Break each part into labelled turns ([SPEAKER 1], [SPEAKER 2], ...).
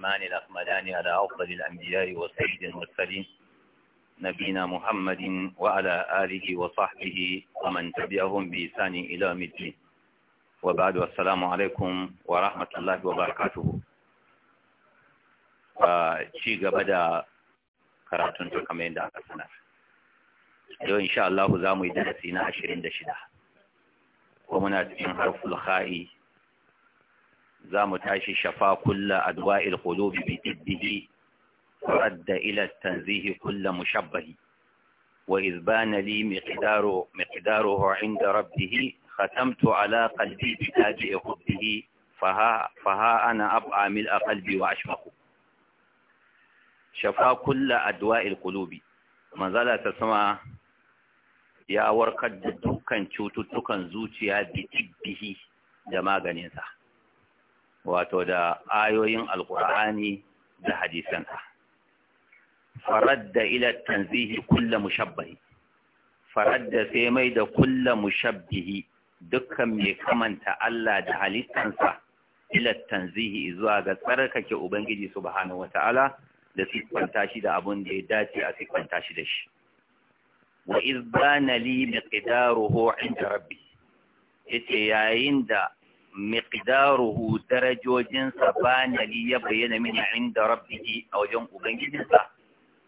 [SPEAKER 1] الرحمن الأخمدان على أفضل الأنبياء وسيد المرسلين نبينا محمد وعلى آله وصحبه ومن تبعهم بإحسان إلى يوم الدين وبعد والسلام عليكم ورحمة الله وبركاته ci gaba da karatun kamar yadda aka sanar yau insha Allah za mu yi darasi na ashirin da shida ko muna cikin harful kha'i za mu tashi shafa kulla adwa'il qulubi bi tibbihi radda ila tanzihi kulla mushabbahi wa izbana li miqdaru miqdaruhu inda rabbih khatamtu ala qalbi bi taji khuddihi faha faha ana ab'a mil qalbi wa ashfaqu shafa kulla adwa'il qulubi manzala ta sama ya warkar da dukkan cututtukan zuciya bi da maganinsa wato da ayoyin alƙur'ani da hadisansa faradda ila tanzihi kulla mushabbahi faradda sai mai da kulla mushabbihi dukkan mai kamanta Allah da halittansa ila tanzihi zuwa ga tsarkake ubangiji subhanahu wataala da siffanta shi da abun da ya dace a siffanta shi da shi wa iz li miqdaruhu inda rabbi yace yayin da miqdaruhu darajojinsa bana li ya bayyana mini inda rabbihi a wajen ubangijinsa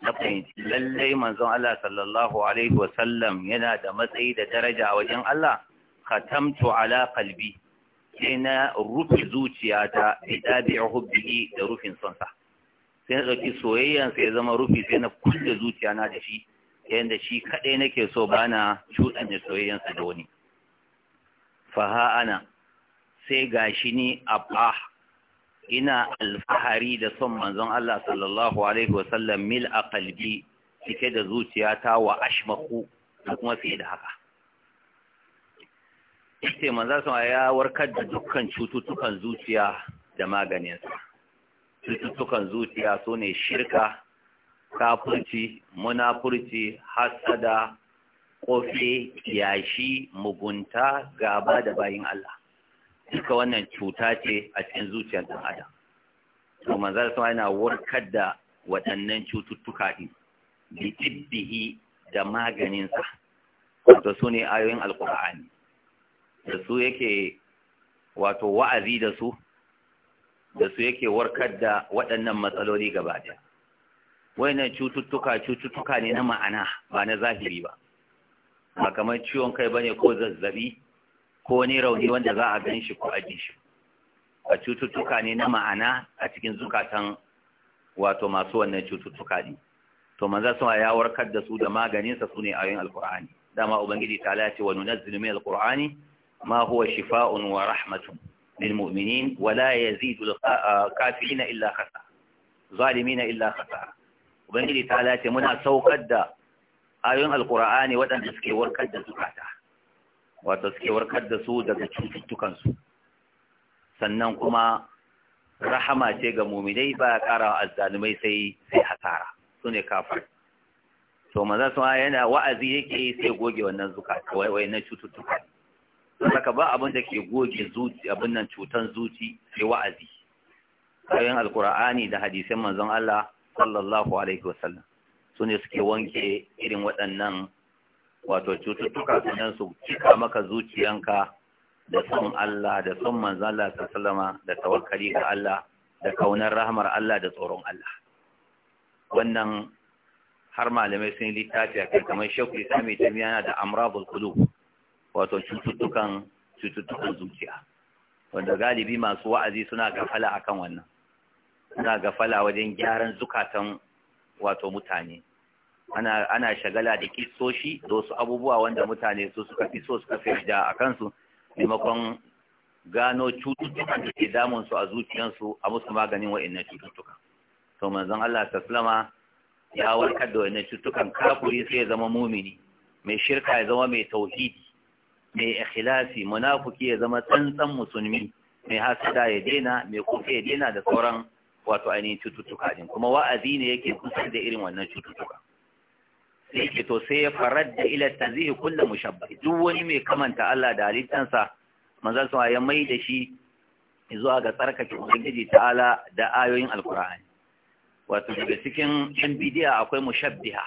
[SPEAKER 1] na fahimci lallai manzon Allah sallallahu alaihi wa sallam yana da matsayi da daraja a wajen Allah khatamtu ala qalbi sai na rufe zuciyata bi dabi'u hubbihi da rufin sonsa sai na dauki soyayyan sai zama rufi sai na kulle zuciyana da shi yanda shi kadai nake so bana cuɗanya soyayyansa da wani fa ha ana sai ga shi ni Abba, ina alfahari da son manzon Allah sallallahu alaihi wasallam mil a kalbi cike da ta wa ashmaku da kuma fiye da haka Ita manzon sama ya warkar da dukkan cututtukan zuciya da maganinsa cututtukan zuciya su ne shirka kafurci munafurci hasada kofi, yashi mugunta gaba da bayin Allah duka wannan cuta ce a cikin zuciyar ɗan adam to manzara sama yana warkar da waɗannan cututtuka ɗin bi tibbihi da maganinsa wato su ne ayoyin alƙur'ani da su yake wato wa'azi da su da su yake warkar da waɗannan matsaloli gaba ɗaya wannan cututtuka cututtuka ne na ma'ana ba na zahiri ba ba kamar ciwon kai bane ko zazzabi ko wani rauni wanda za a gan shi ko a ji shi a cututtuka ne na ma'ana a cikin zukatan wato masu wannan cututtuka ne to manza sama ya warkar da su da maganinsa su ne ayoyin alkur'ani dama ubangiji ta lace wa nunazzilu min alkur'ani ma huwa shifa'un wa rahmatun lil mu'minin wa la yazidu kafirina illa khasa zalimina illa khasa ubangiji ta muna saukar da ayoyin alkur'ani waɗanda suke warkar da zukata wato suke warkar da su daga cututtukansu sannan kuma rahama ce ga muminai ba ya ƙara wa azzalumai sai sai hasara su ne to maza su yana wa'azi yake sai goge wannan zuka wai na cututtuka saka ba abin da ke goge zuci abin nan cutan zuci sai wa'azi ayoyin alkur'ani da hadisin manzon Allah sallallahu alaihi wasallam su ne suke wanke irin waɗannan wato cututtuka sunan su cika maka zuciyanka da son Allah da son manzon Allah sallama da tawakkali ga Allah da kaunar rahmar Allah da tsoron Allah wannan har malamai sun yi littafi a kan kamar shekul islami ta miyana da amrabul qulub wato cututtukan cututtukan zuciya wanda galibi masu wa'azi suna gafala akan wannan suna gafala wajen gyaran zukatan wato mutane ana ana shagala da kisoshi da wasu abubuwa wanda mutane su suka fi so suka fi da a kansu maimakon gano cututtukan da ke damun su a zuciyarsu a musu maganin wa'annan cututtuka to manzon Allah taslama ya warkar da wa'annan cututtukan kafuri sai ya zama mumini mai shirka ya zama mai tauhidi mai ikhlasi munafuki ya zama tsantsan musulmi mai hasada ya daina mai kufe ya daina da sauran wato ainihin cututtuka din kuma wa'azi ne yake kusa da irin wannan cututtuka sai ke to sai ya farar da ila tanzihi kullu mushabbih duk wani mai kamanta Allah da halittansa manzon sa ya mai da shi zuwa ga tsarkake ubangiji ta'ala da ayoyin alqur'ani wato daga cikin nbidia akwai mushabbiha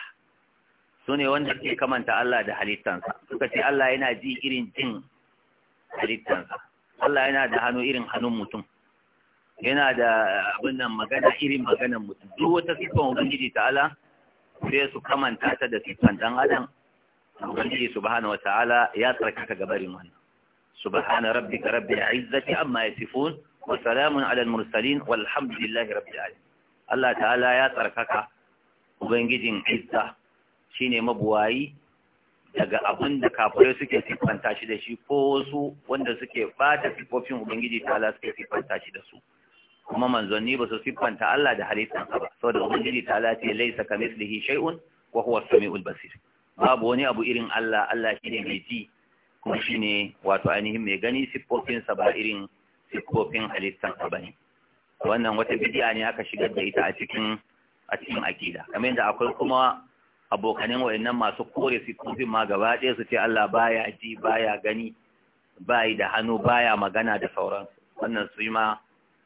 [SPEAKER 1] sune wanda ke kamanta Allah da halittansa suka ce Allah yana ji irin jin halittansa Allah yana da hannu irin hannun mutum yana da abin nan magana irin maganan mutum duk wata sifan ubangiji ta'ala sai su kamanta ta da siffan dan adam ubangiji subhanahu wataala ya tsarkaka gabarin wannan subhana rabbika rabbil izzati amma yasifun wa salamun ala al mursalin walhamdulillahi rabbil alamin Allah ta'ala ya tsarkaka ubangijin izza shine mabuwayi daga abin da kafirai suke siffanta shi da shi ko wasu wanda suke bata siffofin ubangiji ta'ala suke siffanta shi da su kuma manzanni ba su siffanta Allah da halittansa ba saboda ubangiji ta lati laisa kamithlihi shay'un wa huwa as-sami'ul basir babu wani abu irin Allah Allah shine mai ji kuma shine wato ainihin mai gani siffofin sa ba irin siffofin halittansa bane wannan wata bid'a ne aka shigar da ita a cikin a cikin akida kamar yadda akwai kuma abokanin wayannan masu kore siffofin ma gaba ɗaya su ce Allah baya ji baya gani bayi da hannu baya magana da sauransu wannan su yi ma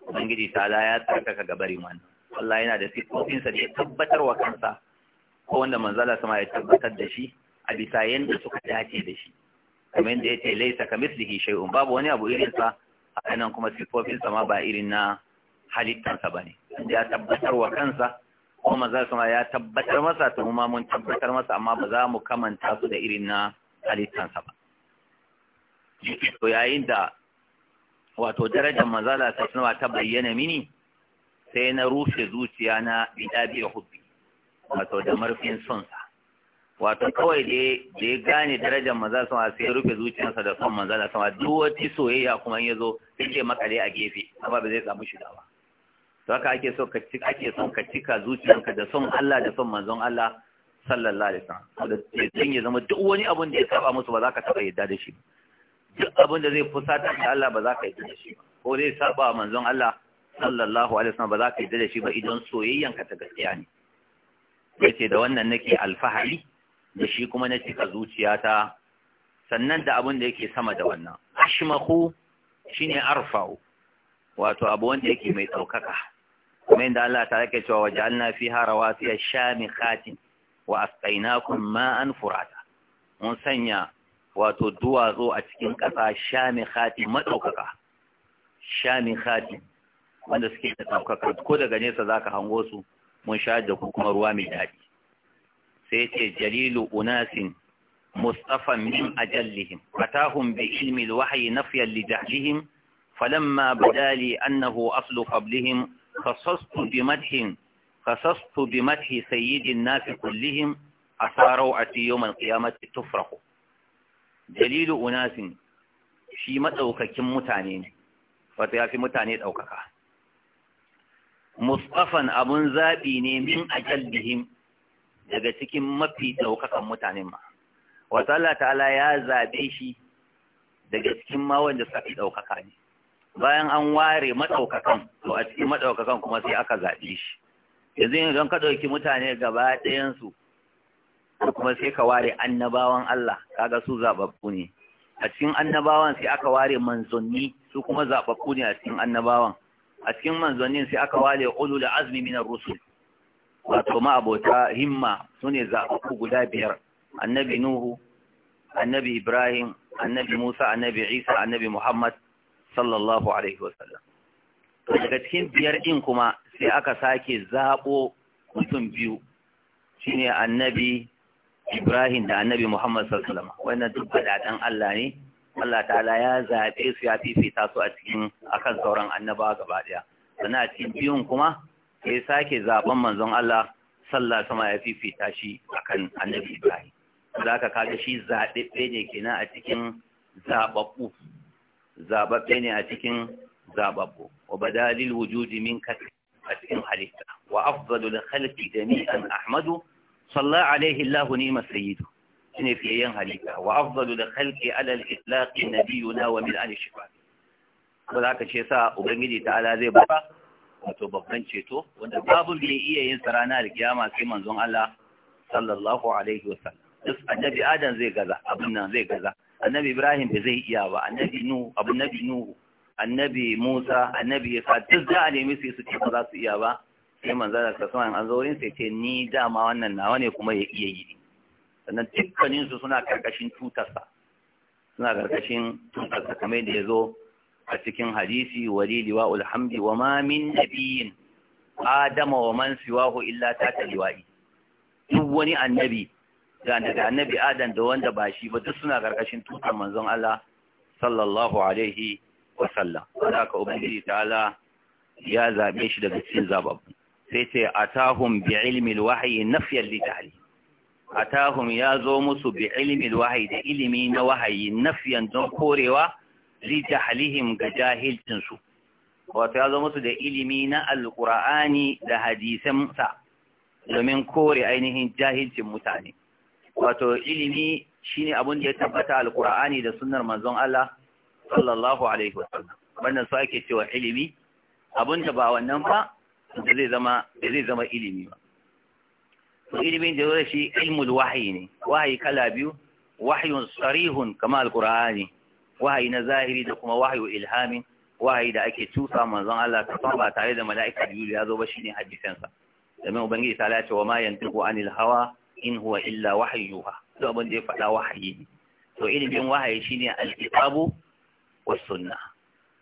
[SPEAKER 1] ubangiji ta ala ya tsarka ga gabar iman. Allah yana da sifofinsa da ya tabbatar wa kansa ko wanda manzala sama ya tabbatar da shi a bisa yanda suka dace da shi kamar yadda yace laisa kamithlihi shay'un babu wani abu irin sa hakanan kuma sifofinsa ma ba irin na halittansa bane ya tabbatar wa kansa ko manzala sama ya tabbatar masa to kuma mun tabbatar masa amma ba za mu kamanta su da irin na halittansa ba yayin da wato darajar manzala ta sanawa ta bayyana mini sai na rufe zuciya na bidabi hubbi wato da marfin son sa wato kawai da ya gane darajar manzala sama sai ya rufe zuciyarsa da son manzala sama duk wata soyayya kuma ya zo sai makale a gefe amma ba zai samu shiga ba to haka ake so ka cika ake son ka cika zuciyarka da son Allah da son manzon Allah sallallahu alaihi wasallam da ya zama duk wani abun da ya saba musu ba za ka taba yadda da shi ba duk abin da zai fusata da Allah ba za ka yi da shi ba ko zai saba manzon Allah sallallahu alaihi wasallam ba za ka yi da shi ba idan soyayyan ka ta gaskiya ne yace da wannan nake alfahari da shi kuma na cika zuciyata sannan da abin da yake sama da wannan ashmahu shine arfa'u wato abu wanda yake mai tsaukaka kuma inda Allah ta yake cewa ya fiha rawasiya shamikhatin wa asqainakum ma'an furata mun sanya wato duwatsu a cikin ƙasa shamihati maɗaukaka shamihati wanda suke da ɗaukaka ko daga nesa za ka hango su mun sha da ku kuma ruwa mai daɗi sai ce jalilu unasin mustafan min ajallihim fatahum bi ilmi alwahyi nafyan li jahlihim falamma badali annahu aslu qablihim khassastu bi madhin khassastu bi madhi sayyidin nas kullihim asarau ati yawm alqiyamati tufrahu dalilu unasin shi maɗaukakin mutane ne wata ya fi mutane ɗaukaka mustafan abun zaɓi ne min ajallihim daga cikin mafi ɗaukakan mutanen ma wata Allah ta'ala ya zaɓe shi daga cikin ma wanda suka fi ɗaukaka ne bayan an ware maɗaukakan to a cikin maɗaukakan kuma sai aka zaɓe shi yanzu idan don ka ɗauki mutane gaba ɗayansu da kuma sai ka ware annabawan Allah kaga su zababbu ne a cikin annabawan sai aka ware manzanni su kuma zababbu ne a cikin annabawan a cikin manzannin sai aka ware ulul azmi minar rusul wato ma abota himma sune zababbu guda biyar annabi nuhu annabi ibrahim annabi musa annabi isa annabi muhammad sallallahu alaihi wasallam daga cikin biyar din kuma sai aka sake zabo mutum biyu shine annabi Ibrahim da Annabi Muhammad sallallahu alaihi wasallam wannan duk fadadan Allah ne Allah ta'ala ya zaɓe su ya fifita su a cikin akan sauran annabawa gaba daya sannan a cikin biyun kuma sai sake zaben manzon Allah salla sama ya fifita shi akan Annabi Ibrahim za ka kaga shi zaɓaɓɓe ne kenan a cikin zaɓaɓɓu zaɓaɓɓe ne a cikin zaɓaɓɓu wa badalil wujudi min a cikin halitta wa afdalul khalqi jami'an ahmadu صلى عليه الله نعم سيده إن في أيام هلكة وأفضل الخلق على الإطلاق نبينا ومن آل الشفاعة وذاك الشيء ساء وبنجي تعالى زي ba? wato babban ceto wanda babu da iya yin sa ranar kiyama sai manzon Allah sallallahu alaihi wasallam duk annabi Adam zai gaza abin nan zai gaza annabi Ibrahim bai zai iya ba annabi Nuhu abin nabi Nuhu annabi Musa annabi Isa duk da a nemi su su ce ba za su iya ba sai manzan da kasuwan an zo sai ce ni dama wannan nawa ne kuma ya iya yi sannan dukkaninsu suna karkashin tutarsa suna karkashin tutarsa kamar da ya zo a cikin hadisi walili wa ulhamdi wa ma min nabiyin adama wa man siwahu illa ta taliwa'i duk wani annabi da daga annabi adam da wanda ba shi ba duk suna karkashin tutar manzon Allah sallallahu alaihi wa sallam wanda ubangiji ta'ala ya zabe shi daga cikin zababbu sai ce atahum bi ilmi alwahyi nafiyar li ta'li atahum ya zo musu bi ilimin wahayi da ilimi na wahayi nafyan don korewa li ga jahilcin su wato ya zo musu da ilimi na Alkur'ani da hadisan sa domin kore ainihin jahilcin mutane wato ilimi shine abun da ya tabbata Alkur'ani da sunnar manzon Allah sallallahu alaihi wasallam wannan su ake cewa ilimi abun da ba wannan ba da zai zama da zai zama ilimi ba to ilimin da yau shi ilmul wahyi ne wahyi kala biyu wahyun sarihun kama alqur'ani wahayi na zahiri da kuma wahayu ilhamin wahayi da ake tusa manzon Allah ta ba tare da mala'ika Jibril ya zo ba shine hadisansa domin ubangiji ta lace wa ma yantiqu anil hawa in huwa illa wahyuha to abin da ya faɗa ne. to ilimin wahayi shine alkitabu was sunna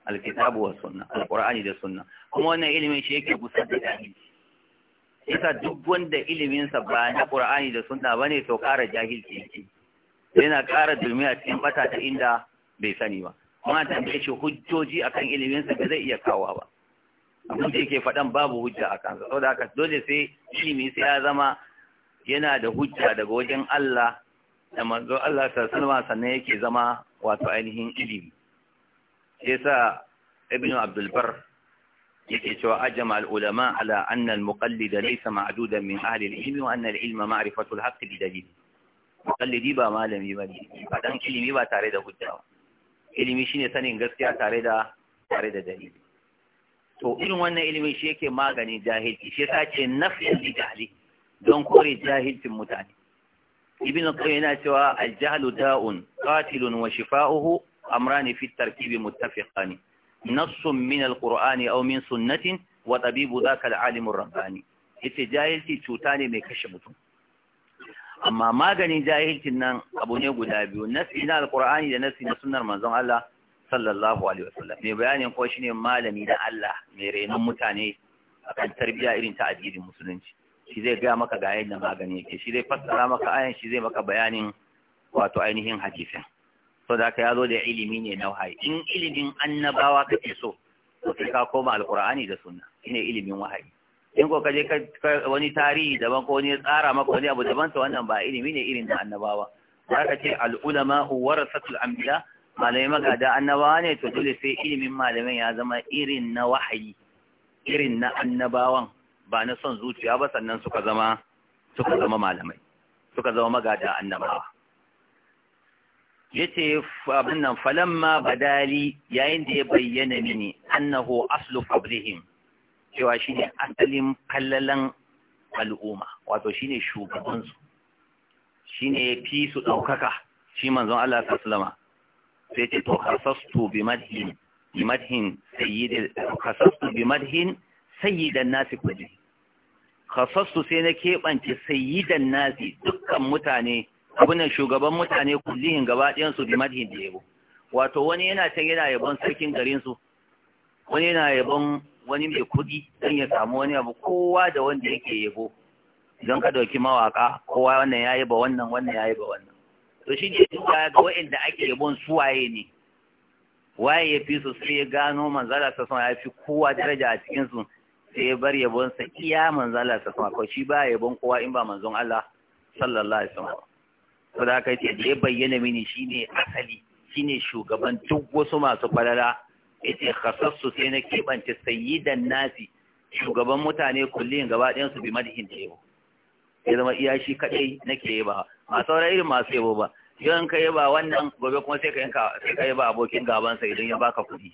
[SPEAKER 1] alkitabu was sunna alqur'ani da sunna kuma wannan ilimin shi yake kusa da jahilci yasa duk wanda iliminsa ba na ƙura'ani da suna ba ne to ƙara jahilci yake yana ƙara dulmi cikin bata ta inda bai sani ba kuma tambaye shi hujjoji akan iliminsa da zai iya kawo ba abin da yake faɗan babu hujja a kansa saboda haka dole sai ilimi sai ya zama yana da hujja daga wajen Allah da manzo Allah sallallahu alaihi sannan yake zama wato ainihin ilimi yasa ibnu abdul Abdulbar? yake cewa ajma al-ulama ala anna al-muqallid laysa ma'dudan min ahli al-ilm wa anna al-ilma ma'rifatu al-haqq bi dalil muqallidi ba malami bane dan ilimi ba tare da hujja ba ilimi shine sanin gaskiya tare da tare da dalili to irin wannan ilimin shi yake magani jahilci shi yasa ce nafiyar jahili don kore jahilcin mutane ibn qayyim yana cewa al-jahlu da'un qatilun wa shifa'uhu amrani fi tarkibi muttafiqani nassun min alqur'ani aw min sunnatin wa tabibu zaka alalimur rabbani yace jahilci cuta ne mai kashe mutum amma maganin jahilcin nan abu ne guda biyu nasi na da nasi na sunnar manzon Allah sallallahu alaihi wasallam mai bayanin ko shine malami da Allah mai renon mutane akan tarbiyya irin ta addinin musulunci shi zai ga maka ga yadda magani yake shi zai fassara maka ayan shi zai maka bayanin wato ainihin hadisan. so da ka yazo da ilimi ne na wahayi in ilimin annabawa kake so to sai ka koma alqur'ani da sunna shine ilimin wahayi in ko kaje wani tarihi daban ko wani tsara maka wani abu daban to wannan ba ilimi ne irin na annabawa za ka ce hu warasatul anbiya malamai magada annabawa ne to dole sai ilimin malamai ya zama irin na wahayi irin na annabawan ba na son zuciya ba sannan suka zama suka zama malamai suka zama magada annabawa yace abin nan falamma badali yayin da ya bayyana mini annahu aslu qablihim cewa shine asalin fallalan al'umma wato shine shugabansu. Shi ne fi su ɗaukaka, shi manzon Allah sallama sai ce to kasastu bi madhin bi madhin sayyid khasastu bi madhin sayyidan nasi kulli khasastu sai na kebance sayyidan nasi dukkan mutane abunan shugaban mutane kullihin gaba ɗayan su bi madhin da yabo wato wani yana can yana yabon sarkin garin su wani yana yabon wani mai kuɗi don ya samu wani abu kowa da wanda yake yabo don ka ɗauki mawaƙa kowa wannan ya ba wannan wannan ya ba wannan to shi ne duka ga waɗanda ake yabon su waye ne waye ya fi su sai ya gano manzala sa sama ya fi kowa daraja a cikin su sai ya bar yabon sa iya manzala sa sama ko shi ba yabon kowa in ba manzon Allah sallallahu alaihi wasallam to da aka ce da ya bayyana mini shine asali shine shugaban duk wasu masu falala ce kasassu sai na kebance sayyidan nasi shugaban mutane kullum gaba ɗayan su bi madihin da yabo ya zama iya shi kadai ke yaba ba sauran irin masu yabo ba yawan ka yaba wannan gobe kuma sai ka yanka sai ka yaba abokin gaban sa idan ya baka kuɗi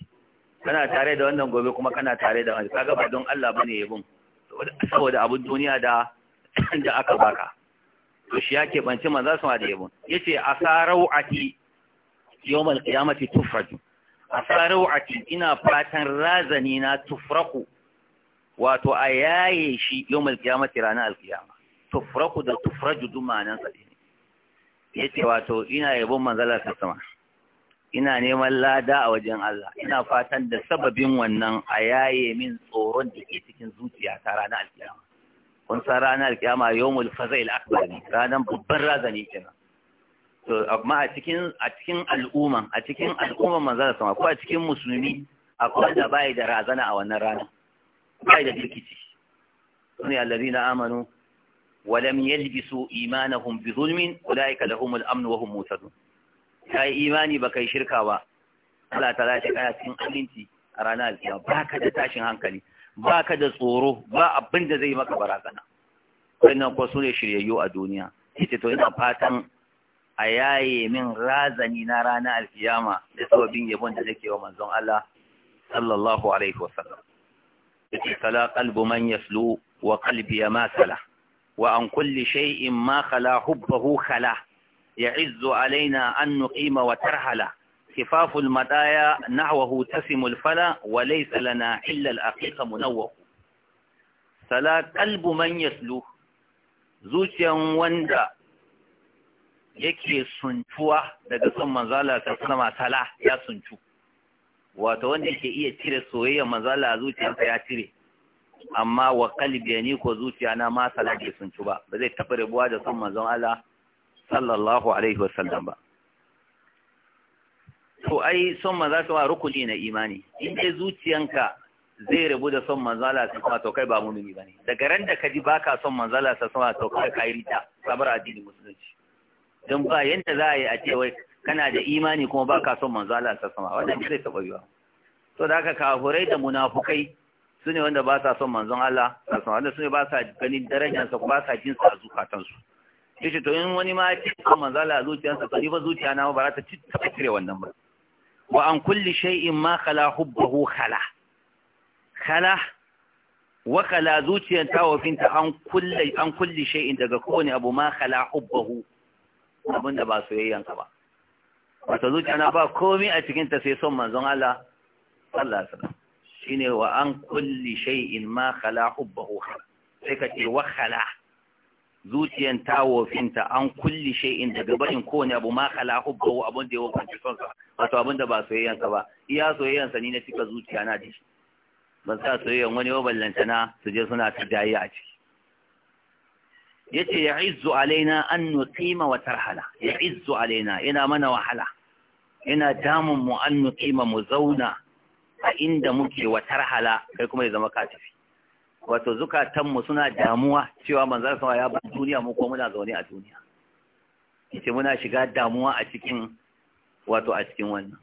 [SPEAKER 1] kana tare da wannan gobe kuma kana tare da wani kaga ba don Allah bane yabon saboda abun duniya da da aka baka to shi banci keɓanci su ma da yabon ya ce a sa rau'ati yawmal qiyamati tufraju a sa rau'ati ina fatan razani na tufraku wato a yaye shi yawmal qiyamati ranar alqiyama tufraku da tufraju duk ma'anan sa ne yace wato ina yabon manzala ta sama ina neman lada a wajen Allah ina fatan da sababin wannan a yaye min tsoron da ke cikin zuciya ta ranar alkiyama kun san ranar kiyama yawmul fazail akbar ne ranar babban razani kenan to amma a cikin a cikin al'umma a cikin al'umma manzon sama ko a cikin musulmi akwai da bai da razana a wannan rana bai da rikici sune allazina amanu wa lam yalbisu imanahum bi zulmin ulaika lahumul amn wa hum muhtadun kai imani ba kai shirka ba Allah ta lace kana cikin aminci a ranar alkiyama baka da tashin hankali ba ka da tsoro ba abin da zai maka barazana wannan ko su ne shiryayyu a duniya ita to ina fatan a yaye min razani na ranar alkiyama da sababin yabon da nake wa manzon Allah sallallahu alaihi wasallam Ita kala qalbu man yaslu wa qalbi ma kala wa an kulli shay'in ma khala hubbahu khala ya'izzu alaina an nuqima wa tarhala خفاف المطايا نحوه تسم الفلا وليس لنا إلا الأقيق منوه فلا قلب من يسلوه زوجيا وندا yake suntuwa daga son manzala ta sama sala ya suntu. wato wanda yake iya cire soyayyar manzala a zuciyarsa ya cire amma wa kalbi ni ko zuciya na ma sala ke suntu ba ba zai taɓa rabuwa da son manzon Allah sallallahu alaihi wasallam ba to ai son manzo ka ba rukuni na imani in dai zuciyanka zai rabu da son manzo Allah sai kuma to kai ba mu'mini bane daga ran da ka ji baka son manzo Allah sai kuma to kai kai rita sabar addini musulunci don ba yanda za a yi a ce wai kana da imani kuma baka son manzo Allah sai kuma wannan zai taba yiwa to da haka kafurai da munafukai su ne wanda ba sa son manzon Allah sai kuma wanda su ne ba sa ganin darajar sa ba sa jin sa zukatan su kishi to in wani ma ya ce son manzo Allah zuciyarsa to ni ba zuciya na ba za ta ci ta cire wannan ba wa an kulli shay'in ma khala hubbahu khala khala wa khala zuciyan tawafinta an kulli an kulli shay'in daga kowane abu ma khala hubbahu abinda ba soyayyanka ba wato zuciya na ba komai a cikin ta sai son manzon Allah sallallahu alaihi wasallam shine wa an kulli shay'in ma khala hubbahu khala sai ka ce wa khala zuciyan tawofinta an kulli shay'in daga barin kowane abu ma kala hubbahu abun da ya wofinta sonsa wato abun da ba ka ba iya sa ni na cika zuciya na dishi ban sa soyayyan wani ballanta na su je suna ta dayi a ciki yace ya'izzu alaina an nuqima wa tarhala ya'izzu alaina yana mana wahala yana damun mu an nuqima mu zauna a inda muke wa tarhala kai kuma ya zama ka wato zukatanmu suna damuwa cewa manzan sama ya bar duniya mu ko muna zaune a duniya yace muna shiga damuwa a cikin wato a cikin wannan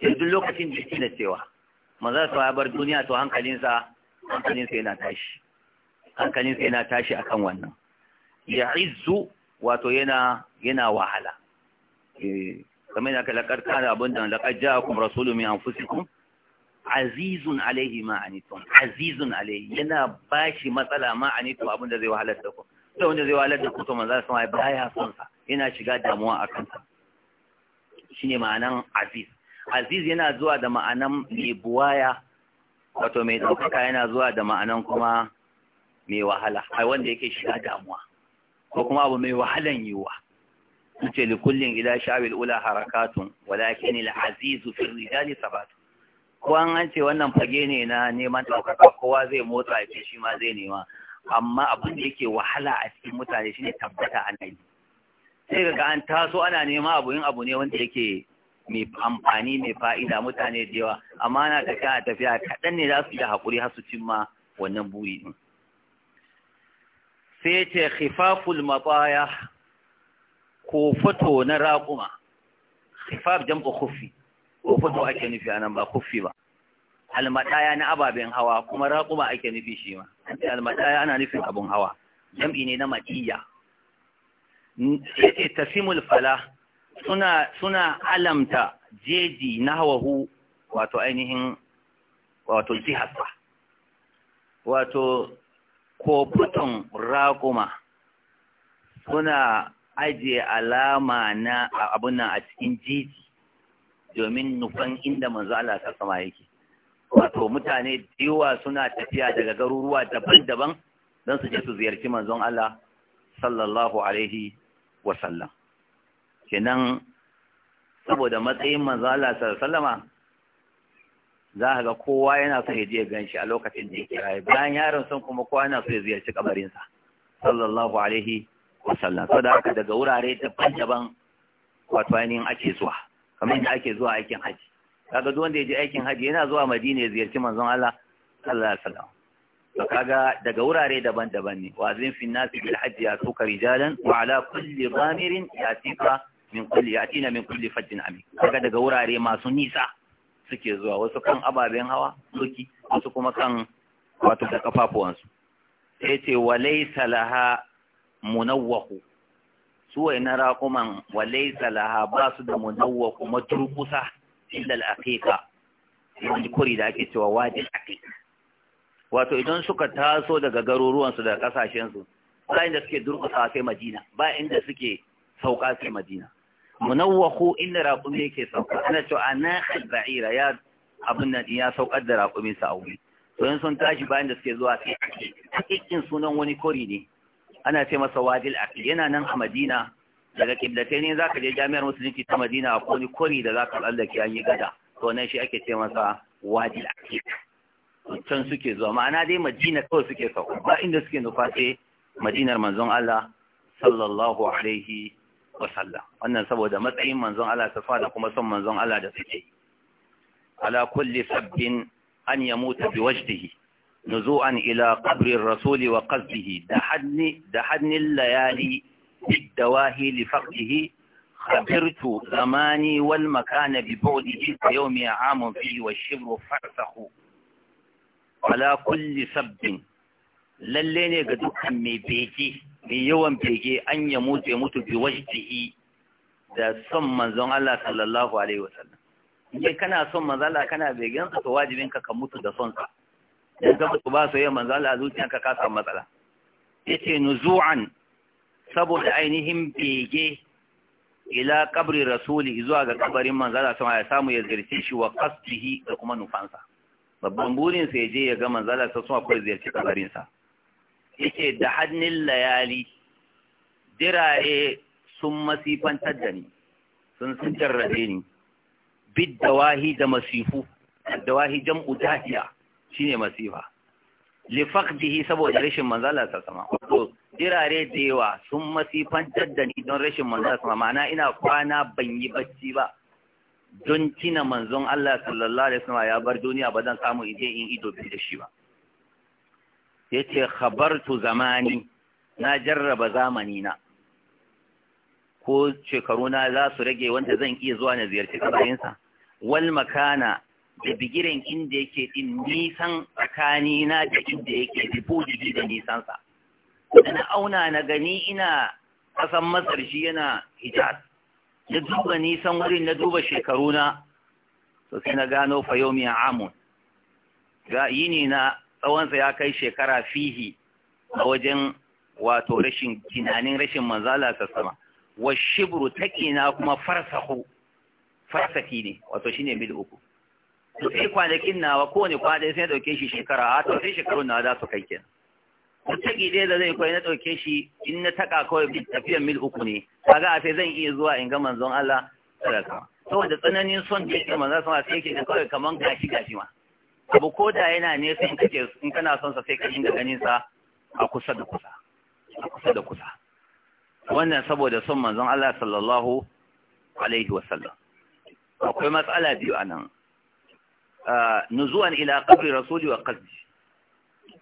[SPEAKER 1] sai duk lokacin da yake cewa manzan sama ya bar duniya to hankalinsa hankalinsa yana tashi hankalinsa yana tashi akan wannan Ya ya'izzu wato yana yana wahala eh kamar yana kalakar kana abin da laqad ja'akum rasulun min anfusikum azizun alaihi ma azizun alaihi yana bashi matsala ma anitum abin da zai wahalar da ku sai wanda zai wahalar da ku to manzo sai baya son sa yana shiga damuwa akan sa shine ma'anan aziz aziz yana zuwa da ma'anan mai buwaya wato mai dauka yana zuwa da ma'anan kuma mai wahala ai wanda yake shiga damuwa ko kuma abu mai wahalan yiwa ce kullin ila sha'abil ula harakatun walakin al azizu fi rijali sabatu ko an ce wannan fage ne na neman ɗaukaka kowa zai motsa ya shi ma zai nema amma abin da yake wahala a cikin mutane shine tabbata a yi sai ga an taso ana nema abu yin abu ne wanda yake mai amfani mai fa'ida mutane da yawa amma ana tafiya tafiya kaɗan ne za su iya haƙuri har su cimma wannan buri ɗin sai ce khifaful mabaya ko fato na raƙuma khifaf jam'u khuffi kofuto ake nufi a nan ba kuffi ba almaɗaya na ababen hawa kuma raƙuma ake nufi shi ma almaɗaya ana nufin abun hawa jam'i ne na matiya yace eh, tasimul fala suna suna alamta jeji na hawahu wato ainihin wato jihasa wato kofuton raƙuma suna ajiye alama na abun nan a cikin jeji domin nufan inda manzo Allah ta sama yake wato mutane yawa suna tafiya daga garuruwa daban-daban don su je su ziyarci manzon Allah sallallahu alaihi wa sallam kenan saboda matsayin manzo Allah sallallahu alaihi za ka ga kowa yana so ya je gan shi a lokacin da yake rayu bayan yaron sun kuma kowa yana so ya ziyarci kabarinsa sallallahu alaihi wa sallam saboda haka daga wurare daban-daban wato ainihin ake zuwa kamar da ake zuwa aikin haji kaga duk wanda ya je aikin haji yana zuwa madina ya ziyarci manzon Allah sallallahu alaihi wasallam to kaga daga wurare daban-daban ne wa zin fi nasi bil hajji ya suka rijalan wa ala kulli zamirin yatika min kulli yatina min kulli fajjin amin kaga daga wurare masu nisa suke zuwa wasu kan ababen hawa doki wasu kuma kan wato da kafafuwansu sai ce wa laysa laha munawwahu su na raƙuman walai salaha ba su da munawwa kuma turkusa illa al'aƙiƙa wani kuri da ake cewa wajen ake wato idan suka taso daga garuruwansu daga ƙasashensu ba inda suke durkusa sai madina ba inda suke sauka sai madina ko inda raƙumi yake sauka ana cewa ana ba'ira ya abin nan ya saukar da raƙumin sa a wuri to sun tashi bayan da suke zuwa sai aƙiƙin sunan wani kori ne ana ce masa wadil aqil yana nan a Madina daga kiblatai ne zaka je jami'ar musulunci ta Madina a kone kori da zaka tsallake an yi gada to nan shi ake ce masa wadil aqil can suke zuwa ma'ana dai Madina kawai suke sauka ba inda suke nufa sai Madinar manzon Allah sallallahu alaihi wa sallam wannan saboda matsayin manzon Allah safa da kuma son manzon Allah da suke ala kulli sabbin an yamuta bi wajdihi an ila qabri rasuli wa qasdihi da hadni da hadni layali bidawahi li faqdihi خبرت زماني والمكان ببعده كيوم عام فيه والشبر فرسخ على كل سب lalle ne ga dukkan mai bege mai yawan bege an mutu ya mutu bi wajdihi da son manzon Allah sallallahu alaihi wasallam in kana son manzon Allah kana begen sa to wajibin ka ka mutu da son ta saboda ba soyayya manzo Allah zuciyanka ka samu matsala yace nuzu'an saboda ainihin bege ila kabri rasuli zuwa ga kabarin manzala sama ya samu ya ziyarci shi wa qasdihi da kuma nufansa babban burin sa je ya ga manzala Allah sama ko ziyarci kabarin sa yake da hannun layali dirare sun masifantar da ni sun sun jarrade ni bid dawahi da masifu dawahi jam'u tahiya Shi ne masifa Lifak faqdihi saboda rashin manzala ta sama wato jirare da yawa sun masifantar da ni don rashin manzala sama ma'ana ina kwana ban yi bacci ba don tina manzon Allah sallallahu alaihi wasallam ya bar duniya ba zan samu ije in ido bi da shi ba yace khabartu zamani na jarraba zamani na ko shekaru na za su rage wanda zan iya zuwa na ziyarci kabarinsa wal makana da bigiren inda yake din nisan tsakani na da inda yake bi da nisansa da na auna na gani ina kasan masar shi yana hijaz na duba nisan wurin na duba shekaru na to sai na gano fayomi a amun ga yini na tsawonsa ya kai shekara fihi a wajen wato rashin tunanin rashin manzala ta sama wa shibru takina kuma farsahu farsaki ne wato shine mil uku to sai kwanakin nawa kowane kwana sai dauke shi shekara a to sai shekarun nawa za su kai kenan mutaki dai da zai koyi na dauke shi in na taka kawai tafiyan mil uku ne kaga a sai zan iya zuwa in ga manzon Allah sadaka saboda tsananin son da yake manzon Allah sai yake kawai kaman gashi gashi ma abu ko da yana nesa in kake in kana son sa sai ka dinga ganin sa a kusa da kusa a kusa da kusa wannan saboda son manzon Allah sallallahu alaihi wasallam akwai matsala biyu anan nuzuwan ila qabri rasuli wa qalbi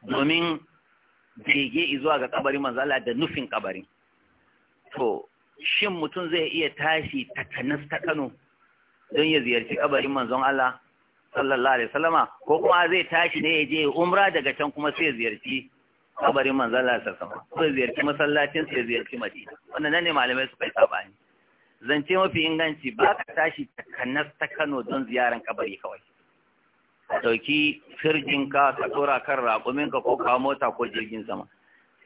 [SPEAKER 1] domin bege zuwa ga kabarin manzo da nufin kabarin to shin mutum zai iya tashi takanas ta Kano don ya ziyarci kabarin manzon Allah sallallahu alaihi wasallama ko kuma zai tashi ne ya je umra daga can kuma sai ziyarci kabarin manzon Allah sallallahu alaihi wasallama ziyarci masallacin sai ziyarci Madina wannan ne malamai suka yi sabani zance mafi inganci ba ka tashi takanas ta Kano don ziyaran kabari kawai Dauki ɗauki firjinka ka tura kan raƙuminka ko kawo mota ko jirgin sama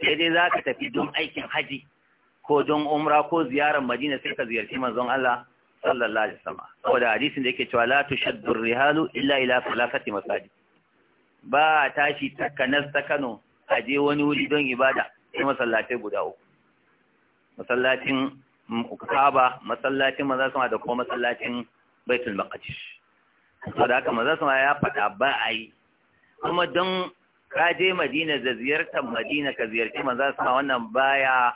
[SPEAKER 1] sai dai za ka tafi don aikin haji ko don umra ko ziyarar madina sai ka ziyarci manzon Allah sallallahu alaihi wasallam saboda hadisin da yake cewa la tushaddu rihalu illa ila salasati masaji ba tashi takanas ta Kano a je wani wuri don ibada sai masallatai guda uku masallacin Kaaba masallacin manzon sama da kuma masallacin Baitul Maqdis to da haka manzon sama ya faɗa ba a yi kuma don ka je madina da ziyartar madina ka ziyarci manzon sama wannan baya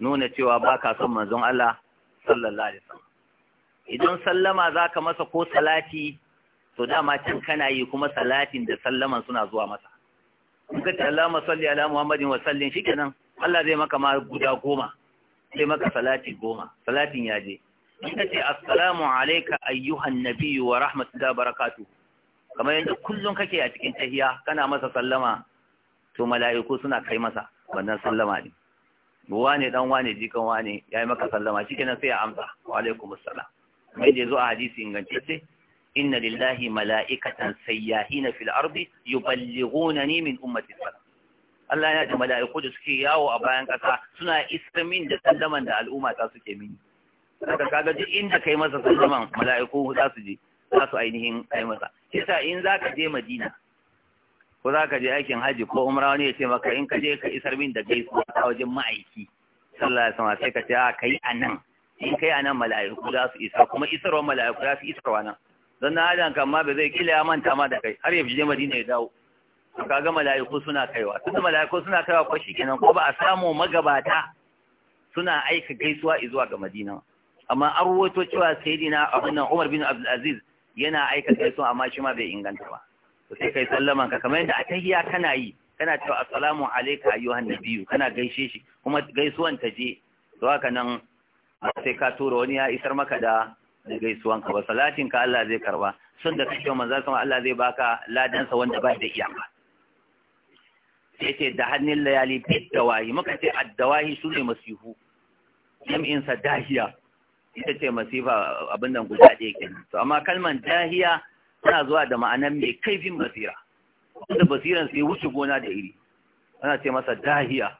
[SPEAKER 1] nuna cewa ba ka son manzon Allah sallallahu alaihi wasallam idan sallama za ka masa ko salati to dama can kana yi kuma salatin da sallaman suna zuwa masa in ka tsalla ma salli ala Muhammadin wa sallin shikenan Allah zai maka ma guda goma sai maka salati goma salatin ya je ita ce assalamu alayka ayyuhan nabiyyu wa rahmatullahi barakatu. kamar yadda kullum kake a cikin tahiya kana masa sallama to mala'iku suna kai masa wannan sallama ne wane dan wane jikan wane yayi maka sallama shikenan sai ya amsa wa alaikum assalam mai da zo a hadisi ingantacce inna lillahi mala'ikatan sayyahina fil ardi yuballighunani min ummati salam Allah ya da mala'iku da suke yawo a bayan kasa suna isar min da sallaman da al'umma ta suke mini Daga kaga duk inda kai masa sallaman mala'iku za su je za su ainihin kai masa kisa in za ka je madina ko za ka je aikin haji ko umra wani ya ce maka in ka je ka isar min da gaisuwa ta wajen ma'aiki sallallahu alaihi wasallam sai ka ce a kai a nan in kai a nan mala'iku za su isa kuma isarwa mala'iku za su isarwa nan don na hadan kan ma bai zai kila ya manta ma da kai har ya je madina ya dawo to kaga mala'iku suna kaiwa tunda mala'iku suna kaiwa ko shikenan ko ba a samu magabata suna aika gaisuwa zuwa ga madina amma an ruwaito cewa sayyidina abin nan Umar bin Abdul Aziz yana aikata sun amma shi ma bai inganta ba to sai kai sallaman ka kamar yadda a tahiya kana yi kana cewa assalamu alayka ayyuhan nabiyyu kana gaishe shi kuma gaisuwan ta je to haka nan sai ka tura wani ya isar maka da gaisuwan ka ba salatin ka Allah zai karba sun da kake manzo sama Allah zai baka ladansa wanda ba da iyaka sai ce da hannun layali bid dawahi muka ce addawahi sune masihu jam'in sa dahiya ita ce masifa abin nan guda ɗaya kenan to amma kalman dahiya tana zuwa da ma'anar mai kaifin basira wanda basiran sai wuce gona da iri ana ce masa dahiya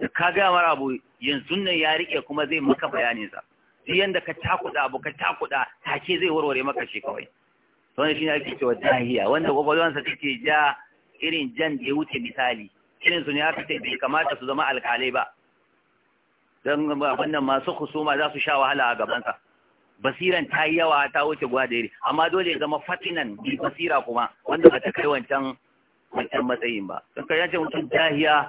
[SPEAKER 1] da ka ga mara abu yanzu nan ya rike kuma zai maka bayanin sa duk yanda ka takuda abu ka takuda take zai warware maka shi kawai to ne shine ake cewa dahiya wanda gwagwalwansa take ja irin jan da ya wuce misali irin su ne aka ce bai kamata su zama alkalai ba don wannan masu husuma za su sha wahala a gabansa basiran ta yi yawa ta wuce gwadere amma dole ya zama fatinan bi basira kuma wanda ba ta kai wancan wancan matsayin ba don kai yace mutum jahiya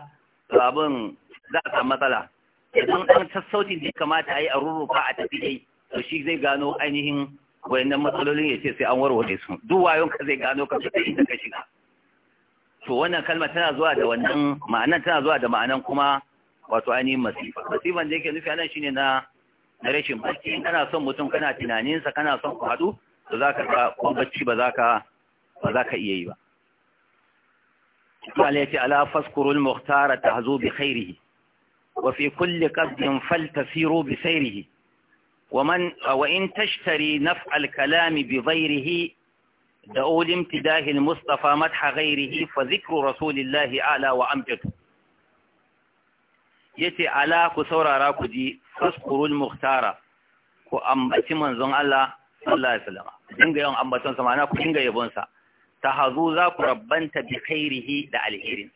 [SPEAKER 1] abin za a samu matsala idan an sassautin da kamata a yi a rurrufa a tafi dai to shi zai gano ainihin wayannan matsalolin ya ce sai an warware su duk wayon ka zai gano ka fita inda ka shiga to wannan kalma tana zuwa da wannan ma'anan tana zuwa da ma'anan kuma wato ainihin masifa masifan da yake nufi anan shine na rashin bacci kana son mutum kana tunanin sa kana son ku haɗu. to zaka ga ko ba zaka ba iya yi ba qala ya ti ala fazkuru al mukhtar tahzu bi khairihi wa fi kulli qadin faltasiru bi sayrihi wa man wa in tashtari naf'a al kalam bi dhairihi da ulimtidahi al mustafa madha ghairihi fa dhikru rasulillahi ala wa amjadu yace ala ku saurara ku ji fasqurul muhtara ku ambaci manzon Allah sallallahu alaihi wasallam dinga yawan ambaton sa ku dinga yabon sa tahazu za ku rabbanta bi khairihi da alherin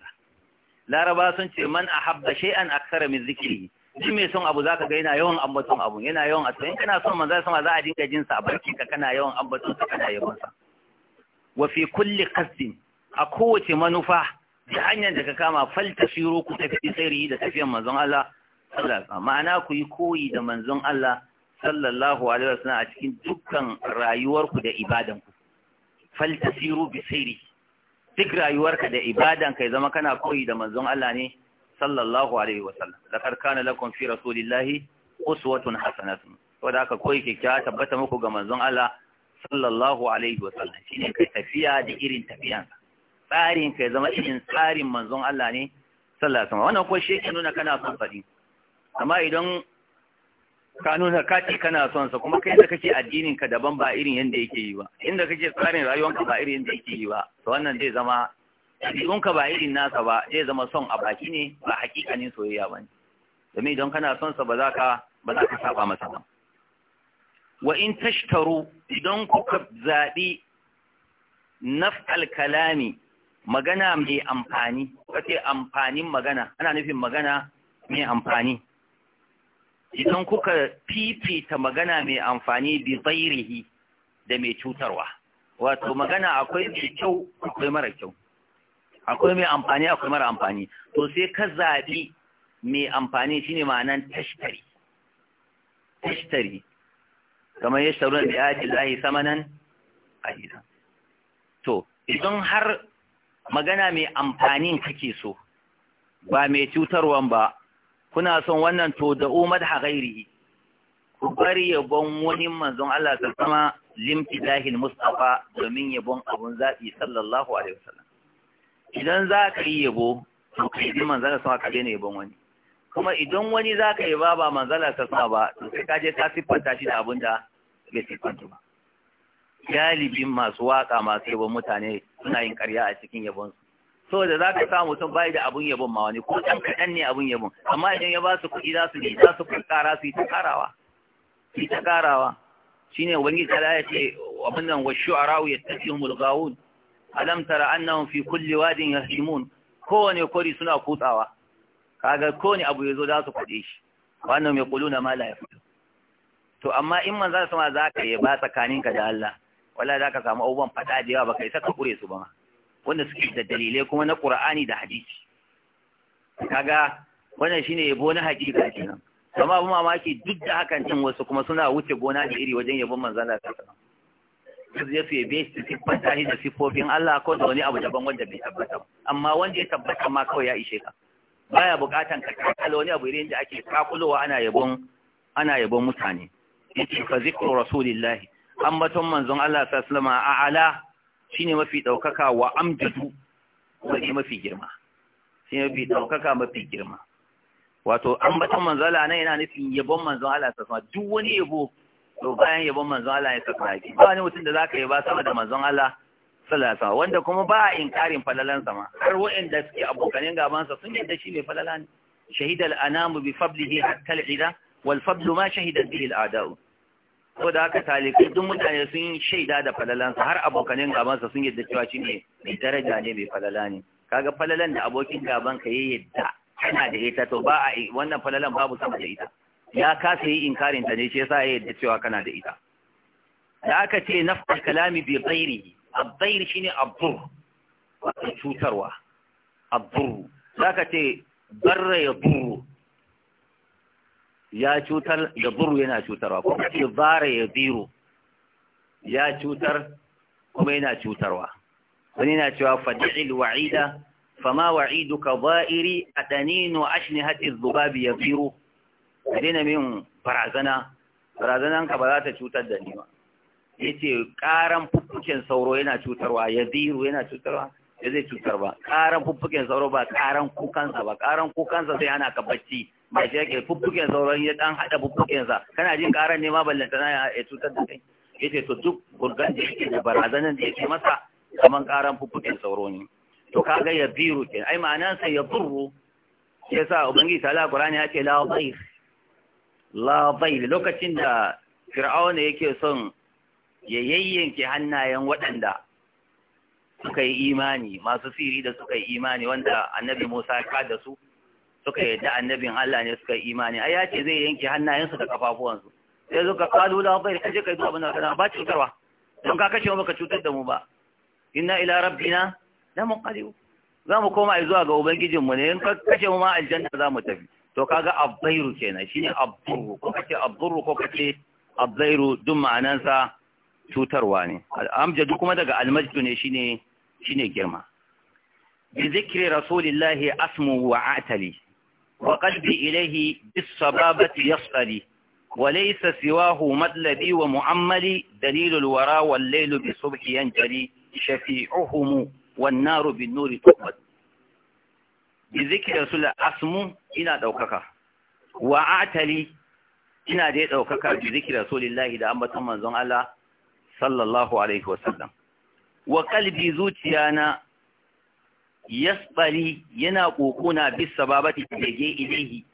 [SPEAKER 1] laraba sun ce man ahabba shay'an akthara min zikrihi shi mai son abu zaka ga yana yawan ambaton abu yana yawan a tsayin kana son manzon sama za a dinga jin sa barki ka kana yawan ambaton sa kana yabon sa wa fi kulli qasdin a kowace manufa da hanyar da ka kama falta siro ku tafi tsari da tafiyan manzon Allah sallallahu ma'ana ku yi koyi da manzon Allah sallallahu alaihi wasallam a cikin dukkan rayuwarku da ibadan ku. falta siro bi sairi duk rayuwarka da ibadan kai zama kana koyi da manzon Allah ne sallallahu alaihi wasallam laqad kana lakum fi rasulillahi uswatun hasanatun wanda aka koyi ka tabbata muku ga manzon Allah sallallahu alaihi wasallam shine kai tafiya da irin tafiyansa tsarin ka ya zama irin tsarin manzon Allah ne sallallahu wannan ko shi nuna kana son faɗi amma idan ka nuna kati kana son kuma kai da kake addinin ka daban ba irin yanda yake yi ba inda kake tsarin rayuwanka ba irin yanda yake yi ba to wannan zai zama ɗabi'un ba irin nasa ba zai zama son a baki ne ba hakikanin soyayya ba ne domin idan kana son sa ba za ka ba za ka saba masa ba wa in tashtaru idan kuka zaɓi naf'al kalami magana mai amfani kuka ce amfanin magana ana nufin magana mai amfani idan kuka fifita magana mai amfani bi bairihi da mai cutarwa wato magana akwai mai kyau akwai mara kyau akwai mai amfani akwai mara amfani to sai ka zaɓi mai amfani shine ma'anan tashtari tashtari kamar ya shawarar da yaji lahi samanan a gida to idan har magana mai amfanin kake so ba mai cutarwan ba kuna son wannan to da umar hagairi ku bari yabon wani manzon Allah ta sama limfi dahil Mustapha domin yabon abun zaɓi sallallahu alaihi wasallam idan za ka yi yabo to ka yi manzon Allah ka daina yabon wani kuma idan wani za ka yi ba ba manzon Allah ta sama ba to sai ka je ka siffanta shi da abin da bai siffanta ba galibin masu waka masu yabon mutane suna yin ƙarya a cikin yabon su saboda za ka sa mutum bai da abun yabon ma wani ko ɗan kaɗan ne abun yabon amma idan ya ba su kuɗi za su za su ƙara su yi ta ƙarawa su yi ta ƙarawa shine wani kala ya ce abin nan wa shu'ara ya tafi humul gawun alam tara annahum fi kulli wadin yahdimun kowane kori suna kutsawa kaga kowane abu yazo za su kuɗe shi wannan mai kuluna ma la fito. to amma in man za su ma za ka yi ba tsakaninka da Allah wala za ka samu abubuwan faɗa da yawa ba kai saka ƙure su ba ma wanda suke da dalilai kuma na ƙura'ani da hadisi kaga wannan shine yabo na hakika kenan amma abin mamaki duk da hakan cin wasu kuma suna wuce gona da iri wajen yabon manzon Allah sallallahu alaihi wasallam ya fiye bai su tabbata tahi da sifofin Allah ko da wani abu daban wanda bai tabbata amma wanda ya tabbata ma kawai ya ishe ka baya buƙatan ka kalla wani abu irin da ake kakulowa ana yabon ana yabon mutane yace fa zikru rasulillahi ambaton manzon Allah sallallahu a Ala shine mafi daukaka wa amjadu shine mafi girma shine mafi daukaka mafi girma wato ambaton manzon Allah nan yana nufin yabon manzon Allah sallallahu duk wani yabo to bayan yabon manzon Allah ya saka shi ba ne mutum da zaka yaba sama da manzon Allah sallallahu wanda kuma ba inkarin falalan sama har wa'anda suke abokanin gaban sa sun yadda shi mai falala shahidal anamu bi fadlihi hatta al-ida wal fadlu ma shahidat bihi al-a'da'u ko da haka talikai duk mutane sun yi shaida da falalansa har abokanin gabansa sun yadda cewa shi ne mai daraja ne mai falala ne kaga falalan da abokin gaban ka ya yadda kana da ita to ba a wannan falalan babu sama da ita ya kasa yi inkarin ta ne shi yasa ya yadda cewa kana da ita da aka ce nafsa kalami bi ghairi abdair shine abdur wato cutarwa abdur zaka ce barra ya ya cutar da buru yana cutarwa ko kace zara ya biro ya cutar kuma yana cutarwa wani yana cewa fadil wa'ida fama wa'iduka ashni adaninu ashnihati ya biro kadina min barazana barazanan ka ba za ta cutar da ni ba yace karan fuffuken sauro yana cutarwa ya biro yana cutarwa ya zai cutar ba karan fuffuken sauro ba karan kukansa ba karan kukansa sai ana ka bacci ba shi yake fuffuken sauran ya dan hada sa kana jin karan ne ma ballanta na ya cutar da kai yace to duk gurgan da yake da barazanan da yake masa kaman karan fuffuken sauro ne to kaga ya biru ke ai ma'anan sa ya burru yasa ubangiji ta Qur'ani yace la la lokacin da fir'auna yake son ya yayyanke hannayen waɗanda suka yi imani masu siri da suka yi imani wanda annabi Musa ya da su suka yadda annabin Allah ne suka imani ai ya ce zai yanke hannayensu da kafafuwansu sai suka kalu da bai kaje kai zuwa bana kana ba cutarwa don ka kashe mu baka cutar da mu ba inna ila rabbina la munqalib za mu koma zuwa ga ubangijin mu ne in ka kashe mu ma aljanna za mu tafi to kaga abbairu kenan shine abduru ko kace abduru ko kace abbairu duk ma'anansa cutarwa ne amjadu kuma daga almajdu ne shine shine girma bi zikri rasulillahi asmu wa atali وقلبي إليه بالصبابة يصطلي وليس سواه مطلبي ومعملي دليل الورى والليل بالصبح ينجلي شفيعهم والنار بالنور تقبل بذكر رسول أسمو إنا دوكك وأعتلي إنا دي دوكك بذكر رسول الله إذا أمت منزون الله صلى الله عليه وسلم وقلبي زوتيانا yasbali yana kokona bisa sababati bege ilahi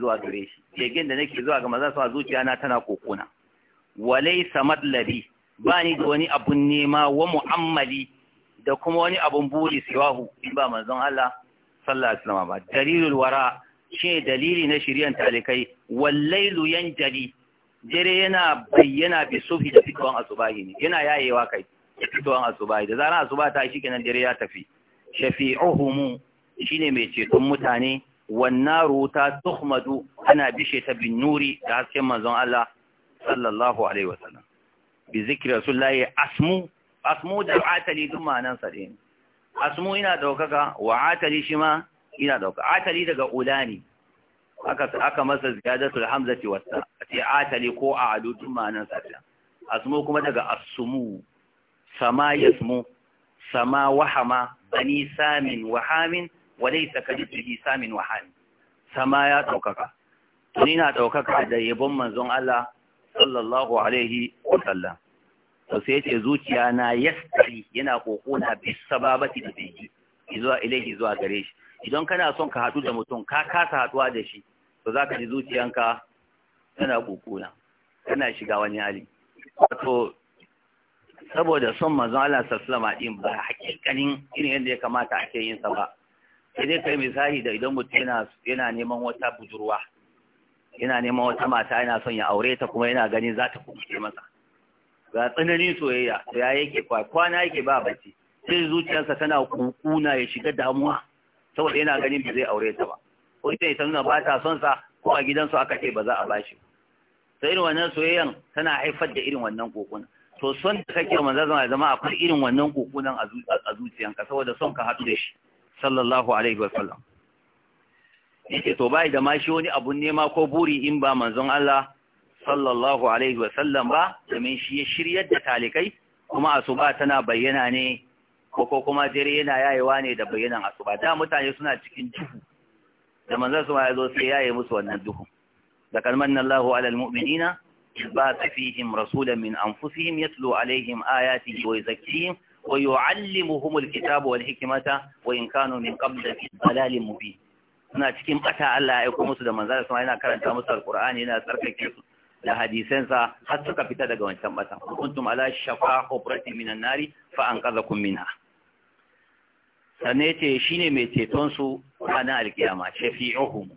[SPEAKER 1] zuwa gare shi begen da nake zuwa ga maza sa zuciya na tana kokona walaysa madlabi bani da wani abun nema wa mu'ammali da kuma wani abun buri siwahu in ba manzon Allah sallallahu alaihi wasallam ba dalilul wara shi dalili na shiriyan talikai wallailu yanjali dare yana bayyana bi sufi da fitowan asubahi ne yana yayewa kai fitowan asubahi da zaran asuba ta shi kenan dare ya tafi shafi'uhum shine mai ceton mutane wannaru ta tuhmadu ana bishe ta bin nuri da hasken manzon Allah sallallahu alaihi wasallam bi zikri rasulullahi asmu asmu da atali duk ma'anan sa ne asmu ina daukaka wa atali shi ma ina dauka atali daga ulani aka aka masa ziyadatul hamzati wasta ce atali ko a'adu duk ma'anan sa asmu kuma daga asmu sama yasmu sama wahama ani samin wahamin walaysa kadhibi samin wahamin sama ya daukaka ni na daukaka da yabon manzon Allah sallallahu alaihi wa sallam to sai yace zuciya na yasti yana kokona bis sababati da biki zuwa ilaihi zuwa gare shi idan kana son ka hadu da mutum ka kasa haduwa da shi to zaka ji zuciyanka tana kokona tana shiga wani hali wato saboda son manzon Allah sallama din ba hakikanin irin yadda ya kamata ake yin sa ba sai dai kai misali da idan mutum yana yana neman wata budurwa yana neman wata mata yana son ya aure ta kuma yana ganin za ta kuɓuce masa ga tsananin soyayya ya yake kwana yake ba bacci sai zuciyarsa tana kukuna ya shiga damuwa saboda yana ganin ba zai aure ta ba ko ita ita nuna ba ta son sa ko a gidansu aka ce ba za a bashi sai irin wannan soyayyan tana haifar da irin wannan kokuna to son da kake manzo zama zama akwai irin wannan kokunan a zuciyanka saboda son ka haɗu da shi sallallahu alaihi wa sallam yake to bai da ma shi wani abun nema ko buri in ba manzon Allah sallallahu alaihi wa sallam ba domin shi ya shirye da talikai kuma asuba tana bayyana ne ko kuma jere yana yayewa ne da bayyanan asuba da mutane suna cikin duhu da manzon su ya zo sai yaye musu wannan duhu da kalmanna alal mu'minina بعث فيهم رسولا من أنفسهم يتلو عليهم آياته ويزكيهم ويعلمهم الكتاب والحكمة وإن كانوا من قبل في ضلال مبين suna cikin bata Allah ya aiko musu da manzara sama yana karanta musu alqur'ani yana tsarkake su da hadisansa har suka fita daga wancan bata kuntum ala shafa hubrati minan nari fa anqadhakum minha sanne shine mai ceton su ranar alkiyama shafi'uhum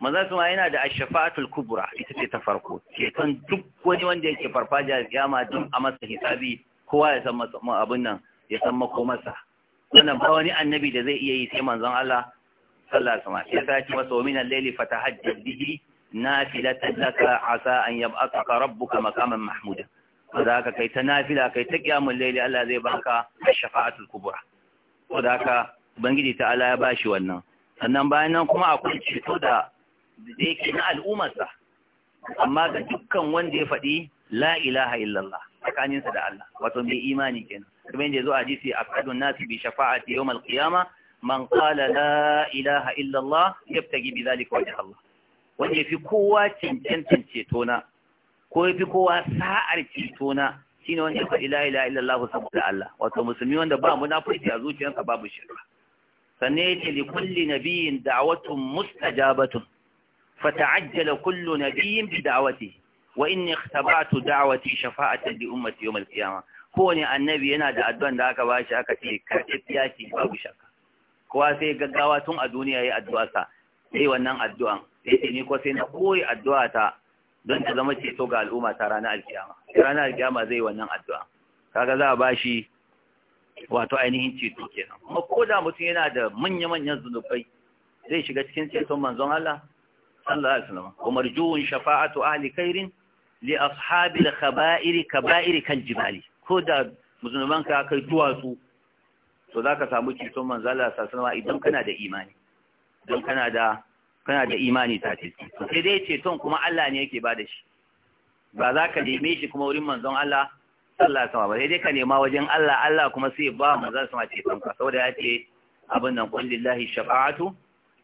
[SPEAKER 1] manzon ma yana da ashfa'atul kubra ita ce ta farko ceton duk wani wanda yake farfajiya kiyama don a masa hisabi kowa ya san masa abin nan ya san masa. wannan ba wani annabi da zai iya yi sai manzon Allah sallallahu alaihi wasallam sai ya ci masa min al-layli fatahajjad bihi nafilatan laka asa an yab'athaka rabbuka maqaman mahmuda saboda ka kai ta nafila kai ta kiyamul layli Allah zai baka ash-shafa'atul kubra saboda bangiji ta Allah ya bashi wannan sannan bayan nan kuma akwai ceto da da yake na al'ummarsa amma ga dukkan wanda ya faɗi la ilaha illallah tsakaninsa da Allah wato mai imani kenan kuma inda ya zo a hadisi aqadun nas bi shafa'ati yawm al man qala la ilaha illallah yabtagi bi zalika wajh Allah wanda fi kowa cancantan ceto na ko fi kowa sa'ar ceto shi shine wanda ya faɗi la ilaha illallah saboda Allah wato musulmi wanda ba munafiki a zuciyarsa babu shirka sanne yace li kulli nabiyyin da'watun mustajabatun فتعجل كل نبي بدعوته وإني اختبعت دعوتي شفاعه لأمتي يوم القيامه kowane annabi yana da addu'an da aka ba shi aka ce karɓaɓɓiya shi, babu shakka kowa sai gaggawa tun a duniya ya yi sa sai wannan addu'an sai ni ko sai na koyi addu'a ta don ta zama ceto ga al'umma ta ranar alkiyama ranar alkiyama zai wannan addu'a kaga za a ba shi wato ainihin ceto kenan kuma ko da mutum yana da manya-manyan zunubai zai shiga cikin ceton manzon Allah sallallahu alaihi wasallam wa marjuun shafa'atu ahli khairin li al khaba'iri kaba'iri kal jibali ko da musulman ka kai duwatsu to zaka samu ceton manzo Allah sallallahu alaihi idan kana da imani idan kana da kana da imani ta ce sai dai ceton kuma Allah ne yake bada shi ba za ka neme shi kuma wurin manzon Allah sallallahu alaihi wasallam ba sai dai ka nema wajen Allah Allah kuma sai ba manzon sama ton ka saboda ya ce abin nan kullillahi shafa'atu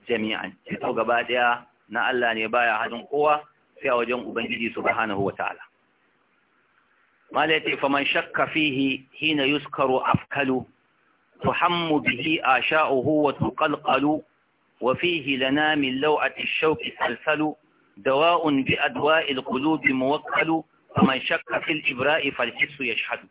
[SPEAKER 1] jami'an to gaba daya na Allah ne baya hannun kowa sai a wajen ubangiji subhanahu wataala mala yace faman shakka fihi hina yuskaru afkalu tuhammu bihi asha'uhu wa tuqalqalu wa fihi lana min law'ati ash-shawqi salsalu dawa'un bi adwa'i al bi muwakkalu faman shakka fil ibra'i falhissu yashhadu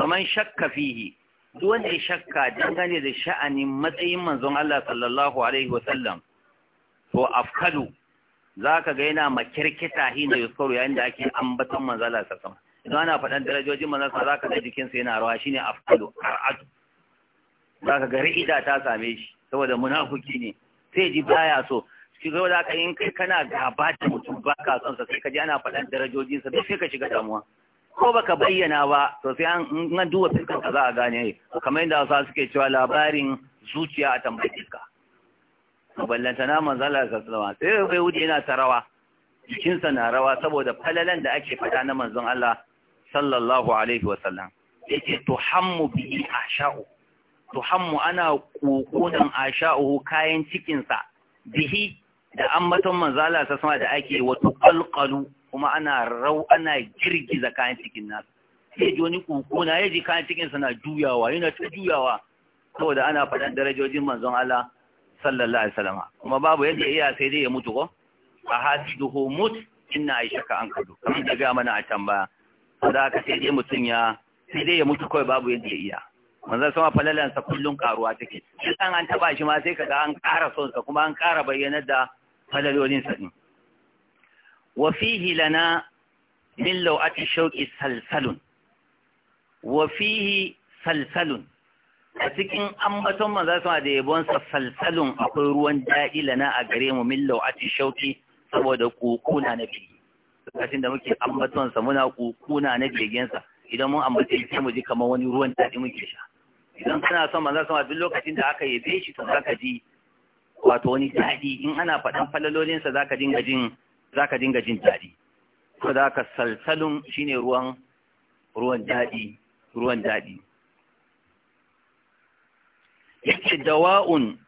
[SPEAKER 1] faman shakka fihi duk ya shakka dangane da sha'anin matsayin manzon Allah sallallahu alaihi Wasallam. to afkalu za ka ga yana makirkita hina yuskaru yayin da ake ambatan manzala sa sama idan ana faɗan darajojin manzala za ka ga jikinsa yana rawa shine afkalu ar'adu za ka ga ri'ida ta same shi saboda munafuki ne sai ji baya so shi zo da ka yin kai kana gaba da mutum ba ka son sa sai ka ji ana faɗan darajojin sa, sai ka shiga damuwa ko baka bayyana ba to sai an duba fiskar ka za a gane kamar yadda wasu suke cewa labarin zuciya a tambayi fiska a ballanta na manzala ga sai bai wuce yana ta rawa jikinsa na rawa saboda falalan da ake fada na manzon Allah sallallahu alaihi wa sallam yake tuhammu a asha'u tuhammu ana a asha'u kayan cikinsa bihi da ambaton manzala ta da ake wato qalqalu kuma ana rau ana girgiza kayan cikin nasu sai ji wani kokona ya ji kayan cikinsa na juyawa yana ta juyawa saboda ana faɗan darajojin manzon Allah sallallahu alaihi wasallam kuma babu yadda iya sai dai ya mutu ko a hasiduhu mut inna aishaka an kadu kamar da ga mana a tambaya saboda ka sai dai mutum ya sai dai ya mutu kawai babu yadda ya iya manzon sama falalansa kullun karuwa take idan an taba shi ma sai kaga an ƙara son sa kuma an ƙara bayyanar da falalolin sa din wa fihi lana min lawati salsalun wa fihi salsalun a cikin ambaton manzo sama da yabonsa salsalun akwai ruwan daɗi lana a gare mu min lau'ati shauki saboda kukuna na bege lokacin da muke ambaton sa muna kukuna na begensa idan mun ambace sai mu ji kamar wani ruwan daɗi muke sha idan kana son manzo sama duk lokacin da aka yabe shi to zaka ji wato wani daɗi in ana faɗan falalolin sa zaka dinga jin zaka dinga jin daɗi saboda haka salsalun shine ruwan ruwan daɗi ruwan daɗi yake dawa'un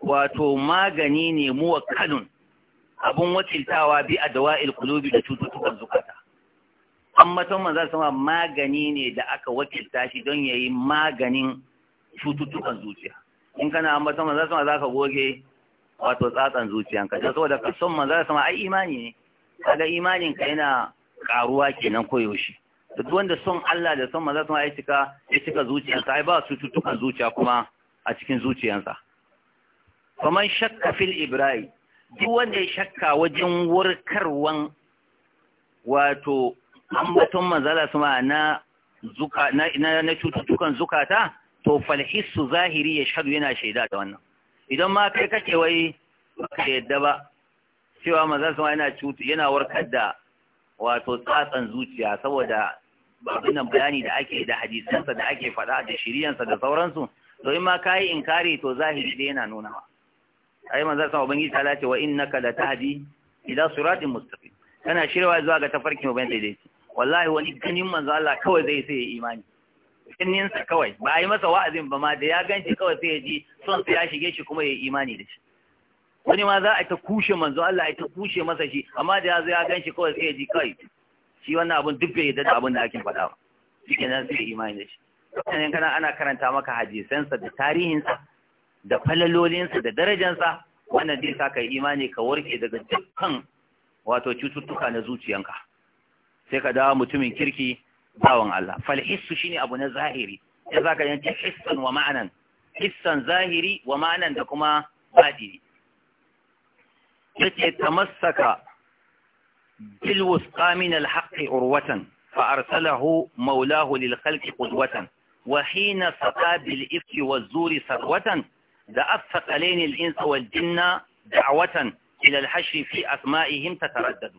[SPEAKER 1] wato magani ne kanun abun wakiltawa bi a dawa'il kulubi da cututtukan zukata an matan manza sama magani ne da aka wakilta shi don ya yi maganin cututtukan zuciya in kana an matan manza sama za ka goge wato tsatsan zuciyanka da saboda ka son manza sama ai imani ne kaga imaninka yana ƙaruwa kenan koyaushe duk wanda son Allah da son maza sun ya cika ya zuciyarsa ai ba cututtukan zuciya kuma a cikin zuciyarsa Kamar shakka fil ibra'i duk wanda ya shakka wajen warkarwan wato ambaton manzala suma na zuka na na, cututtukan zukata to Falhisu zahiri ya shahadu yana shaida da wannan idan ma kai kake wai ka yadda ba cewa manzala suma yana cutu yana warkar da wato tsatsan zuciya saboda nan bayani da ake da hadisansa da ake faɗa da shiriyansa da sauransu to in ma kayi inkari to zahiri dai yana nunawa ai manzo sa ubangi ta lati wa innaka tahdi ila siratin mustaqim kana shirwa zuwa ga tafarkin ubangi daidai wallahi wani ganin manzo Allah kawai zai sai ya imani ganin sa kawai ba a yi masa wa'azin ba ma da ya ganci kawai sai ya ji son sa ya shige shi kuma ya imani da shi wani ma za a ta kushe manzo Allah ya ta kushe masa shi amma da ya zo ya ganci kawai sai ya ji kai shi wannan abun duk bai yadda abun abin da ake faɗa ba shi nan sai imani da shi 'yan kana ana karanta maka hadisansa da tarihinsa da falalolinsa da darajansa wannan zai sa ka imani ka warke daga dukkan wato cututtuka na zuciyanka sai ka dawo mutumin kirki bawan Allah fal hissu shine abu na zahiri sai zaka yanke hissan wa ma'anan hissan zahiri wa ma'anan da kuma batini yace tamassaka بالوثقى من الحق عروة فأرسله مولاه للخلق قدوة وحين سقى بالإفك والزور ثروة لأفق لين الإنس والجن دعوة إلى الحشر في أسمائهم تتردد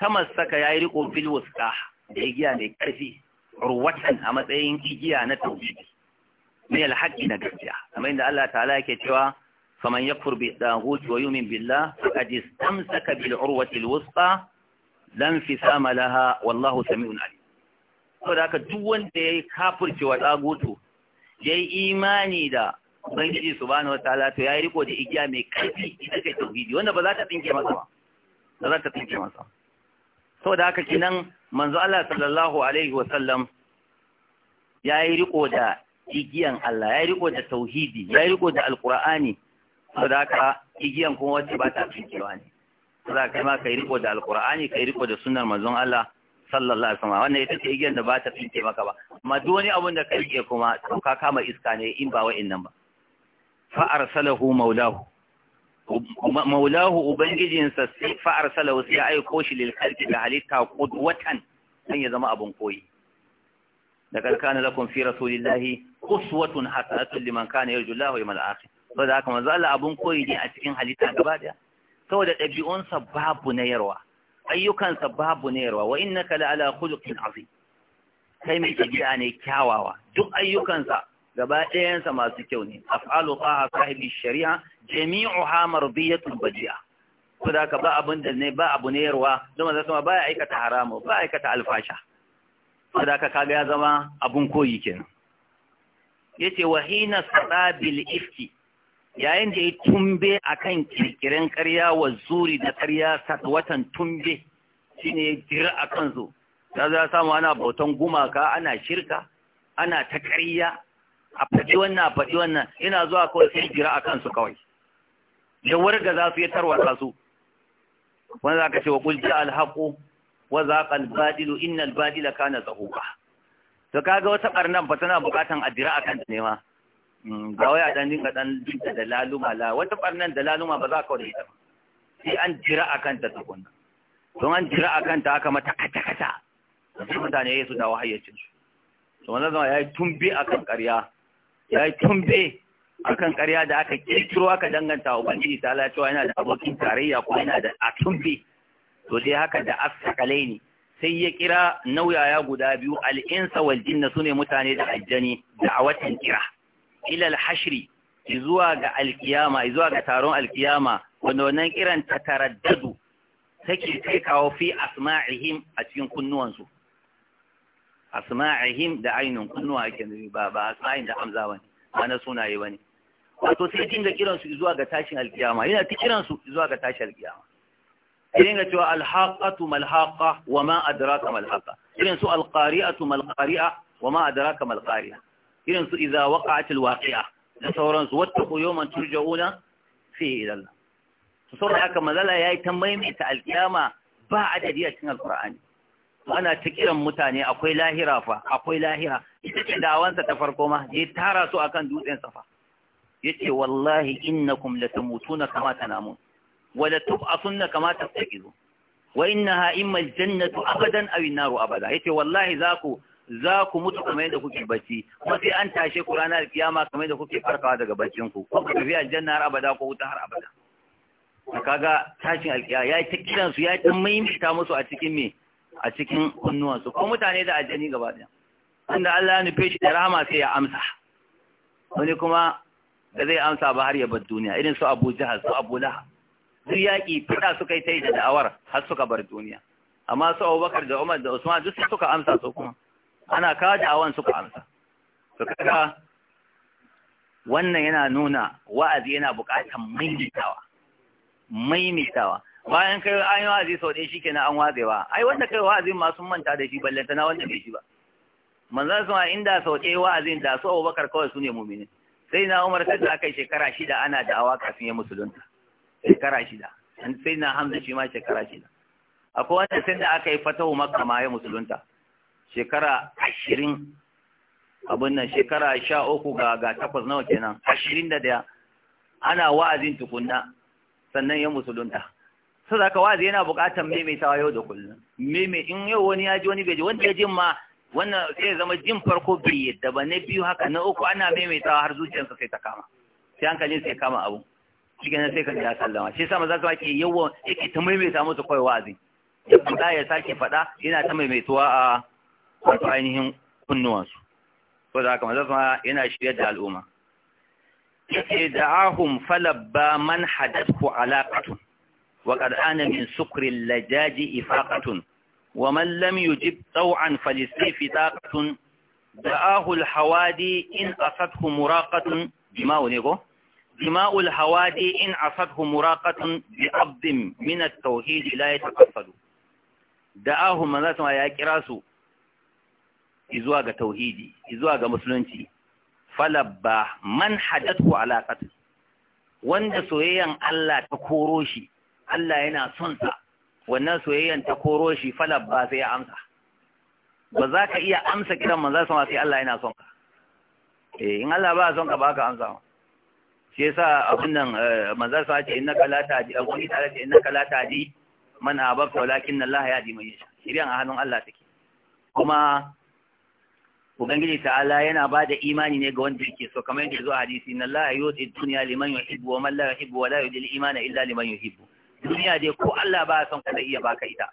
[SPEAKER 1] تمسك يعرق بالوثقى إيجيان كفي عروة أما تأين إيجيان توجيه من الحق نجسيا أما إن الله تعالى كتوى فمن يكفر بالطاغوت ويؤمن بالله فقد استمسك بالعروة الوثقى لا انفصام لها والله سميع عليم saboda haka duk wanda ya yi kafirce wa ɗagutu ya yi imani da ubangiji su bani wata halatta ya yi riko da igiya mai ƙarfi ita ce tauhidi wanda ba za ta tsinke masa ba ba za ta tsinke masa saboda haka kinan manzo Allah sallallahu alaihi wasallam ya yi riko da igiyan Allah ya yi riko da tauhidi ya yi riko da alqur'ani so da haka igiyan kuma wacce ba ta tsinkewa ne za kai ma kai riko da alqur'ani kai riko da sunnar manzon Allah sallallahu alaihi wasallam wannan ita ce igiyan da ba ta tsinke maka ba amma duk wani abun da ka ke kuma to ka kama iska ne in ba wa'annan ba fa arsalahu maulahu maulahu ubangijinsa sai fa arsalahu sai ya aiko shi lil khalqi da halitta qudwatan dan ya zama abun koyi لقد كان لكم في رسول الله أسوة حسنة لمن كان يرجو الله يوم الآخر saboda haka manzo Allah abun koyi ne a cikin halitta gaba daya saboda ɗabi'unsa babu na yarwa ayyukansa babu na yarwa wa innaka la ala khuluqin azim kai mai tabi'a ne kyawawa duk ayyukansa gaba sa masu kyau ne af'alu taha sahibi shari'a jami'uha mardiyatul badi'a saboda haka ba abun da ne ba abu na yarwa don manzo ba ya aikata haramu ba ya aikata alfasha saboda haka kaga ya zama abun koyi kenan yace wahina sadabil ifki yayin da ya tumbe a kan kirkirin karya wa zuri da karya watan tumbe shine ne jira a zo ya za samu ana bautan gumaka ana shirka ana ta karya a faɗi wannan a faɗi wannan ina zuwa kawai sai jira a kansu kawai da warga za su yi tarwata su wanda za ka ce wa ƙulci alhaƙo wa za ka albadilu inna albadila kana zahuka to kaga wata ɓarnan ba tana buƙatan a jira a kanta ne ma Mm, ba wai a dan dinga dan dinga da laluma la wata barnan da laluma ba za ka da ita ba sai an jira a kanta tukunna don an jira a kanta aka mata kata kata su mutane ya su dawo hayyacin su to wannan zama yi tumbe karya. Ya yi tumbe a kan karya da aka kirkiro aka danganta wa ubangiji ta Allah cewa yana da abokin tarayya ko yana da tumbe to dai haka da ne sai ya kira nauyaya guda biyu al'insa insa wal jinna ne mutane da aljani da a watan kira ilal hashri zuwa ga alkiyama zuwa ga taron alkiyama wanda wannan kiran ta taraddadu take kai kawo fi asma'ihim a cikin kunnuwansu asma'ihim da ainihin kunnuwa ake nufi ba ba asma'in da amza bane ba na sunaye bane wato sai dinga kiran su zuwa ga tashin alkiyama yana ta kiran su zuwa ga tashin alkiyama irin ga cewa alhaqatu malhaqa wa ma adraka malhaqa irin su alqari'atu malqari'a wa ma adraka malqari'a irin su idza waqa'atil waqi'a da sauransu su wattaqu yawman turja'una fi ila Allah to saboda haka mazala yayi tambayi mai ta alkiyama ba adadi a cikin alkur'ani ana ta kiran mutane akwai lahira fa akwai lahira ita ce dawansa ta farko ma ya tara su akan dutsen safa ce wallahi innakum na kama tanamun wa latub'asunna kama tastaqizu wa innaha imma aljannatu abadan aw an-naru abada yace wallahi zaku za ku mutu kamar yadda kuke bacci kuma sai an tashe ku ranar kiyama kamar yadda kuke farkawa daga baccin ku ko ku biya aljanna har abada ko wuta har abada kaga tashin alkiya ya ta kiran su ya ta maimaita musu a cikin me a cikin kunnuwan su ko mutane da aljani gaba ɗaya. inda Allah ya nufe shi da rahama sai ya amsa wani kuma da zai amsa ba har ya bar duniya irin su Abu Jahal su Abu Lahab duk yaƙi fita suka yi ta yi da da'awar har suka bar duniya amma su Abubakar da Umar da Usman duk suka amsa su kuma ana kawo da'awan suka amsa to kaga wannan yana nuna wa'azi yana buƙatar maimaitawa maimaitawa bayan kai an yi wa'azi sau ɗaya shikenan an ba ai wanda kai wa'azin ma sun manta da shi na wanda bai shi ba manzan sama inda sau ɗaya wa'azin da su Abubakar kawai su ne mu'mini sai na Umar kai da aka yi shekara shida ana da'awa kafin ya musulunta shekara shida sai na Hamza shi ma shekara shida akwai wanda sai da aka yi fatahu Makka ma ya musulunta shekara ashirin abin nan shekara sha uku ga ga takwas nawa kenan ashirin da daya ana wa'azin tukunna sannan ya musulunta sau da wa'azi yana buƙatar maimaitawa yau da kullum maimai in yau wani ya ji wani bai ji wanda ya jin ma wannan sai zama jin farko bai yadda ba na biyu haka na uku ana maimaitawa har zuciyarsa sai ta kama sai hankalin sai kama abu shi ganin sai ka ji ya sallama shi yasa maza ka ke yawan yake ta maimaita musu kawai wa'azi ya faɗa ya sake faɗa yana ta maimaituwa a wato ainihin kunnuwansu ko da haka mazafa yana shiryar da al'umma yace da'ahum falabba man hadathu alaqatun wa qad ana min sukri lajaji ifaqatun wa man lam yujib taw'an falisayfi taqatun da'ahu alhawadi in asadhu muraqatun bima ne بماء الهوادي إن عصده مراقة بأبض من التوحيد لا يتقفل دعاه من ذاته يا كراسو izuwa ga tauhidi izuwa ga musulunci falabba man hadathu ala qatl wanda soyayyan Allah ta koro shi Allah yana son sa wannan soyayyan ta koro shi falabba sai ya amsa ba za ka iya amsa kiran manzo sama sai Allah yana son ka eh in Allah ba son ka ba ka amsa shi yasa abin nan eh, manzo sama ce innaka la tahdi eh, an kuni ta ce innaka la tahdi man abaka walakin Allah yahdi man yasha shirin a hannun Allah take kuma ubangiji ta'ala yana ba da imani ne ga wanda yake so kamar yadda zuwa hadisi inna allaha yuti dunya liman yuhibbu wa man la yuhibbu wa la yudil imana illa liman yuhibbu duniya dai ko Allah ba son ka zai iya baka ita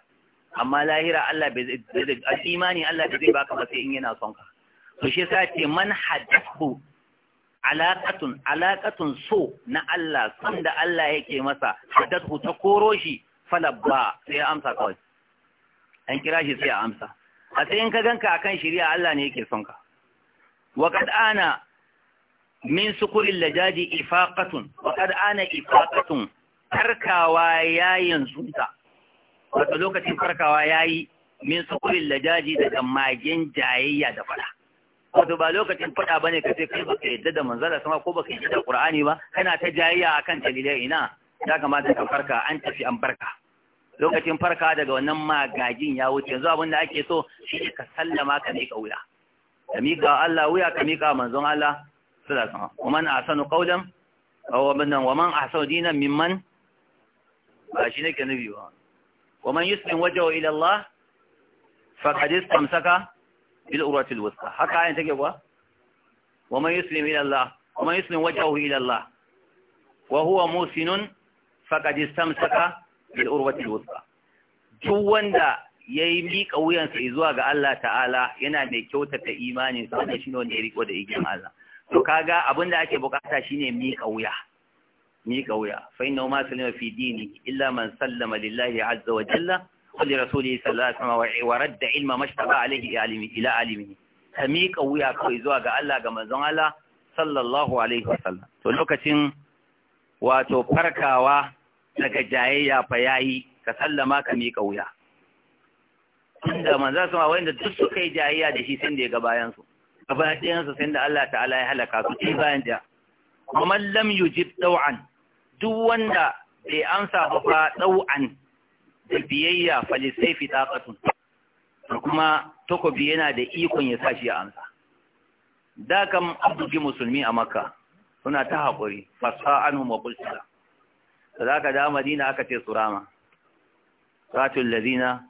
[SPEAKER 1] amma lahira Allah bai zai imani Allah bai zai baka ba sai in yana son ka to shi yasa ce man hadathu alaqatun alaqatun so na Allah son da Allah yake masa hadathu ta koro shi falabba sai ya amsa kawai an kira shi sai ya amsa a sai in ka ganka akan shari'a Allah ne yake son ka wa ana min sukuril lajaji ifaqatun wa qad ana ifaqatun farkawa yayin sunta wato lokacin farkawa yayi min sukuril lajaji daga magen jayayya da fada wato ba lokacin fada bane ka sai kai baka yadda da manzala sama ko baka yadda da qur'ani ba kana ta jayayya akan dalilai ina ya kamata ka farka an tafi an barka lokacin farka daga wannan magajin ya wuce yanzu abin da ake so shi ne ka sallama ka miƙa wuya ka miƙa Allah wuya ka miƙa manzon Allah sallallahu alaihi wasallam waman ahsanu qawlan aw waman waman ahsanu dinan mimman ba shi nake nabi ba waman yuslim wajhahu ila Allah faqad istamsaka bil urwatil wusta haka ayin take kuwa waman yuslim ila Allah waman yuslim wajhahu ila Allah wa huwa musinun faqad istamsaka bil urwati wusta duk wanda yayi mika wuyansa zuwa ga Allah ta'ala yana mai kyautata imanin sa wannan shine wanda ya riko da igin Allah to kaga abin da ake bukata shine mika wuya mika wuya fa inna ma sallama fi dini illa man sallama lillahi azza wa jalla wa li rasulihi sallallahu alaihi wa radda ilma mashtaba alaihi alimi ila alimi ka mika wuya kai zuwa ga Allah ga manzon Allah sallallahu alaihi wa sallam to lokacin wato farkawa daga jayayya fa yayi ka sallama ka miƙa wuya inda manzo sama wanda duk suka yi jayayya da shi sun da ga bayan su gaba ɗayan su sun da Allah ta'ala ya halaka su ce bayan da kuma lam yujib ɗau'an, duk wanda bai amsa ba fa ɗau'an da biyayya falisaifi taqatun kuma takobi yana da ikon ya sashi ya amsa da kam abdugi musulmi a makka suna ta haƙuri fasa'anu mabulsila da za ka da madina aka ce surama ratun lazina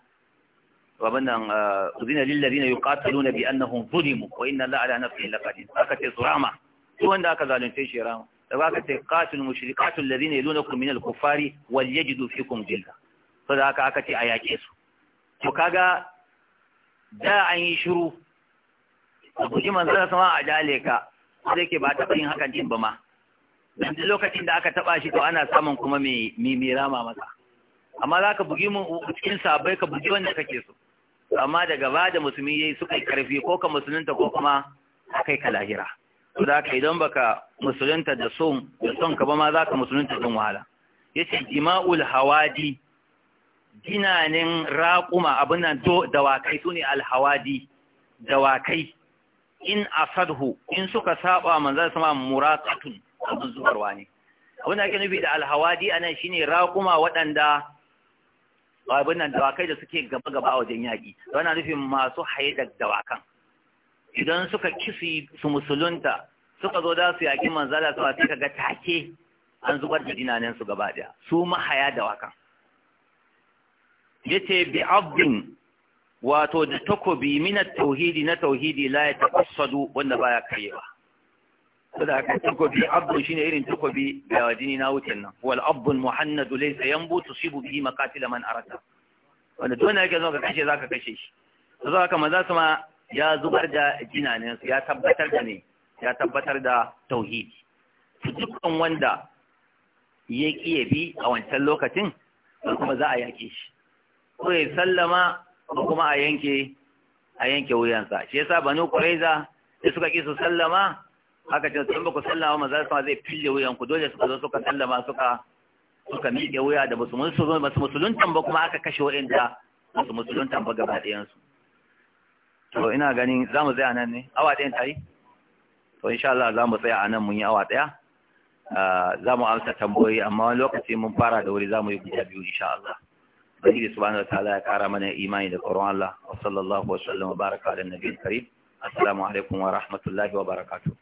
[SPEAKER 1] wabannan eh, uzina lillazina yuqatiluna bi annahum zulimu wa inna allaha ala nafsihi laqadir aka ce surama duk wanda aka zalunce shi rama da za ka ce qatil mushrikatul ladina yalunakum min al-kuffari wal dufi kun jilda to da aka, aka ce a yake su to kaga da an yi shiru a guji manzara sama a dale ka sai ke ba ta yin hakan din ba ma dan lokacin da aka taba shi to ana samun kuma mai mai rama masa amma za ka bugi mun cikin sabai ka bugi wanda kake so amma daga ba da musulmi yayi suka yi karfi ko ka musulunta ko kuma kai ka lahira to da ka idan baka musulunta da son da son ka ba ma za ka musulunta don wahala yace jima'ul hawadi jinanin raquma abin nan dawakai sune al hawadi dawakai in asadhu in suka saba manzon sama muratatun abin zubarwa ne abin da ake nufi da alhawadi a nan shine raƙuma waɗanda abin nan dawakai da suke gaba-gaba a wajen yaƙi wana nufin masu haye da dawakan idan suka kisi su musulunta suka zo da su yaƙi manzala su sai ga take an zubar da dinanen su gaba ɗaya su mahaya dawakan yace bi abdin wato da takobi minat tauhidi na tauhidi la ya taƙasadu wanda baya karyewa saboda haka takobi abdu shine irin takobi da jini na wucin nan wal abdu muhannad laysa yanbu tusibu bihi maqatil man arata wanda duk ne yake zo ka kashe zaka kashe shi saboda haka manzo sama ya zubar da jinanin ya tabbatar da ne ya tabbatar da tauhidi dukkan wanda ya kiye bi a wancan lokacin kuma za a yake shi ko ya sallama kuma a yanke a yanke wuyansa shi yasa banu quraiza da suka ki su sallama Haka ce sun baku sallama maza sama zai fille wuyan ku dole suka zo suka sallama suka suka miƙe wuya da basu zo basu musuluntan ba kuma aka kashe wa'inda basu musuluntan ba gaba ɗayan su to ina ganin za mu tsaya nan ne awa ɗayan tari to insha Allah za mu tsaya a nan mun yi awa ɗaya ah, za mu amsa tambayoyi amma wani lokaci mun fara da wuri za mu yi guda biyu insha Allah Ubangiji subhanahu wa ta'ala ya kara mana imani da tsoron Allah wa sallallahu wa sallam wa baraka da nabiyil karim assalamu alaikum wa rahmatullahi wa barakatuh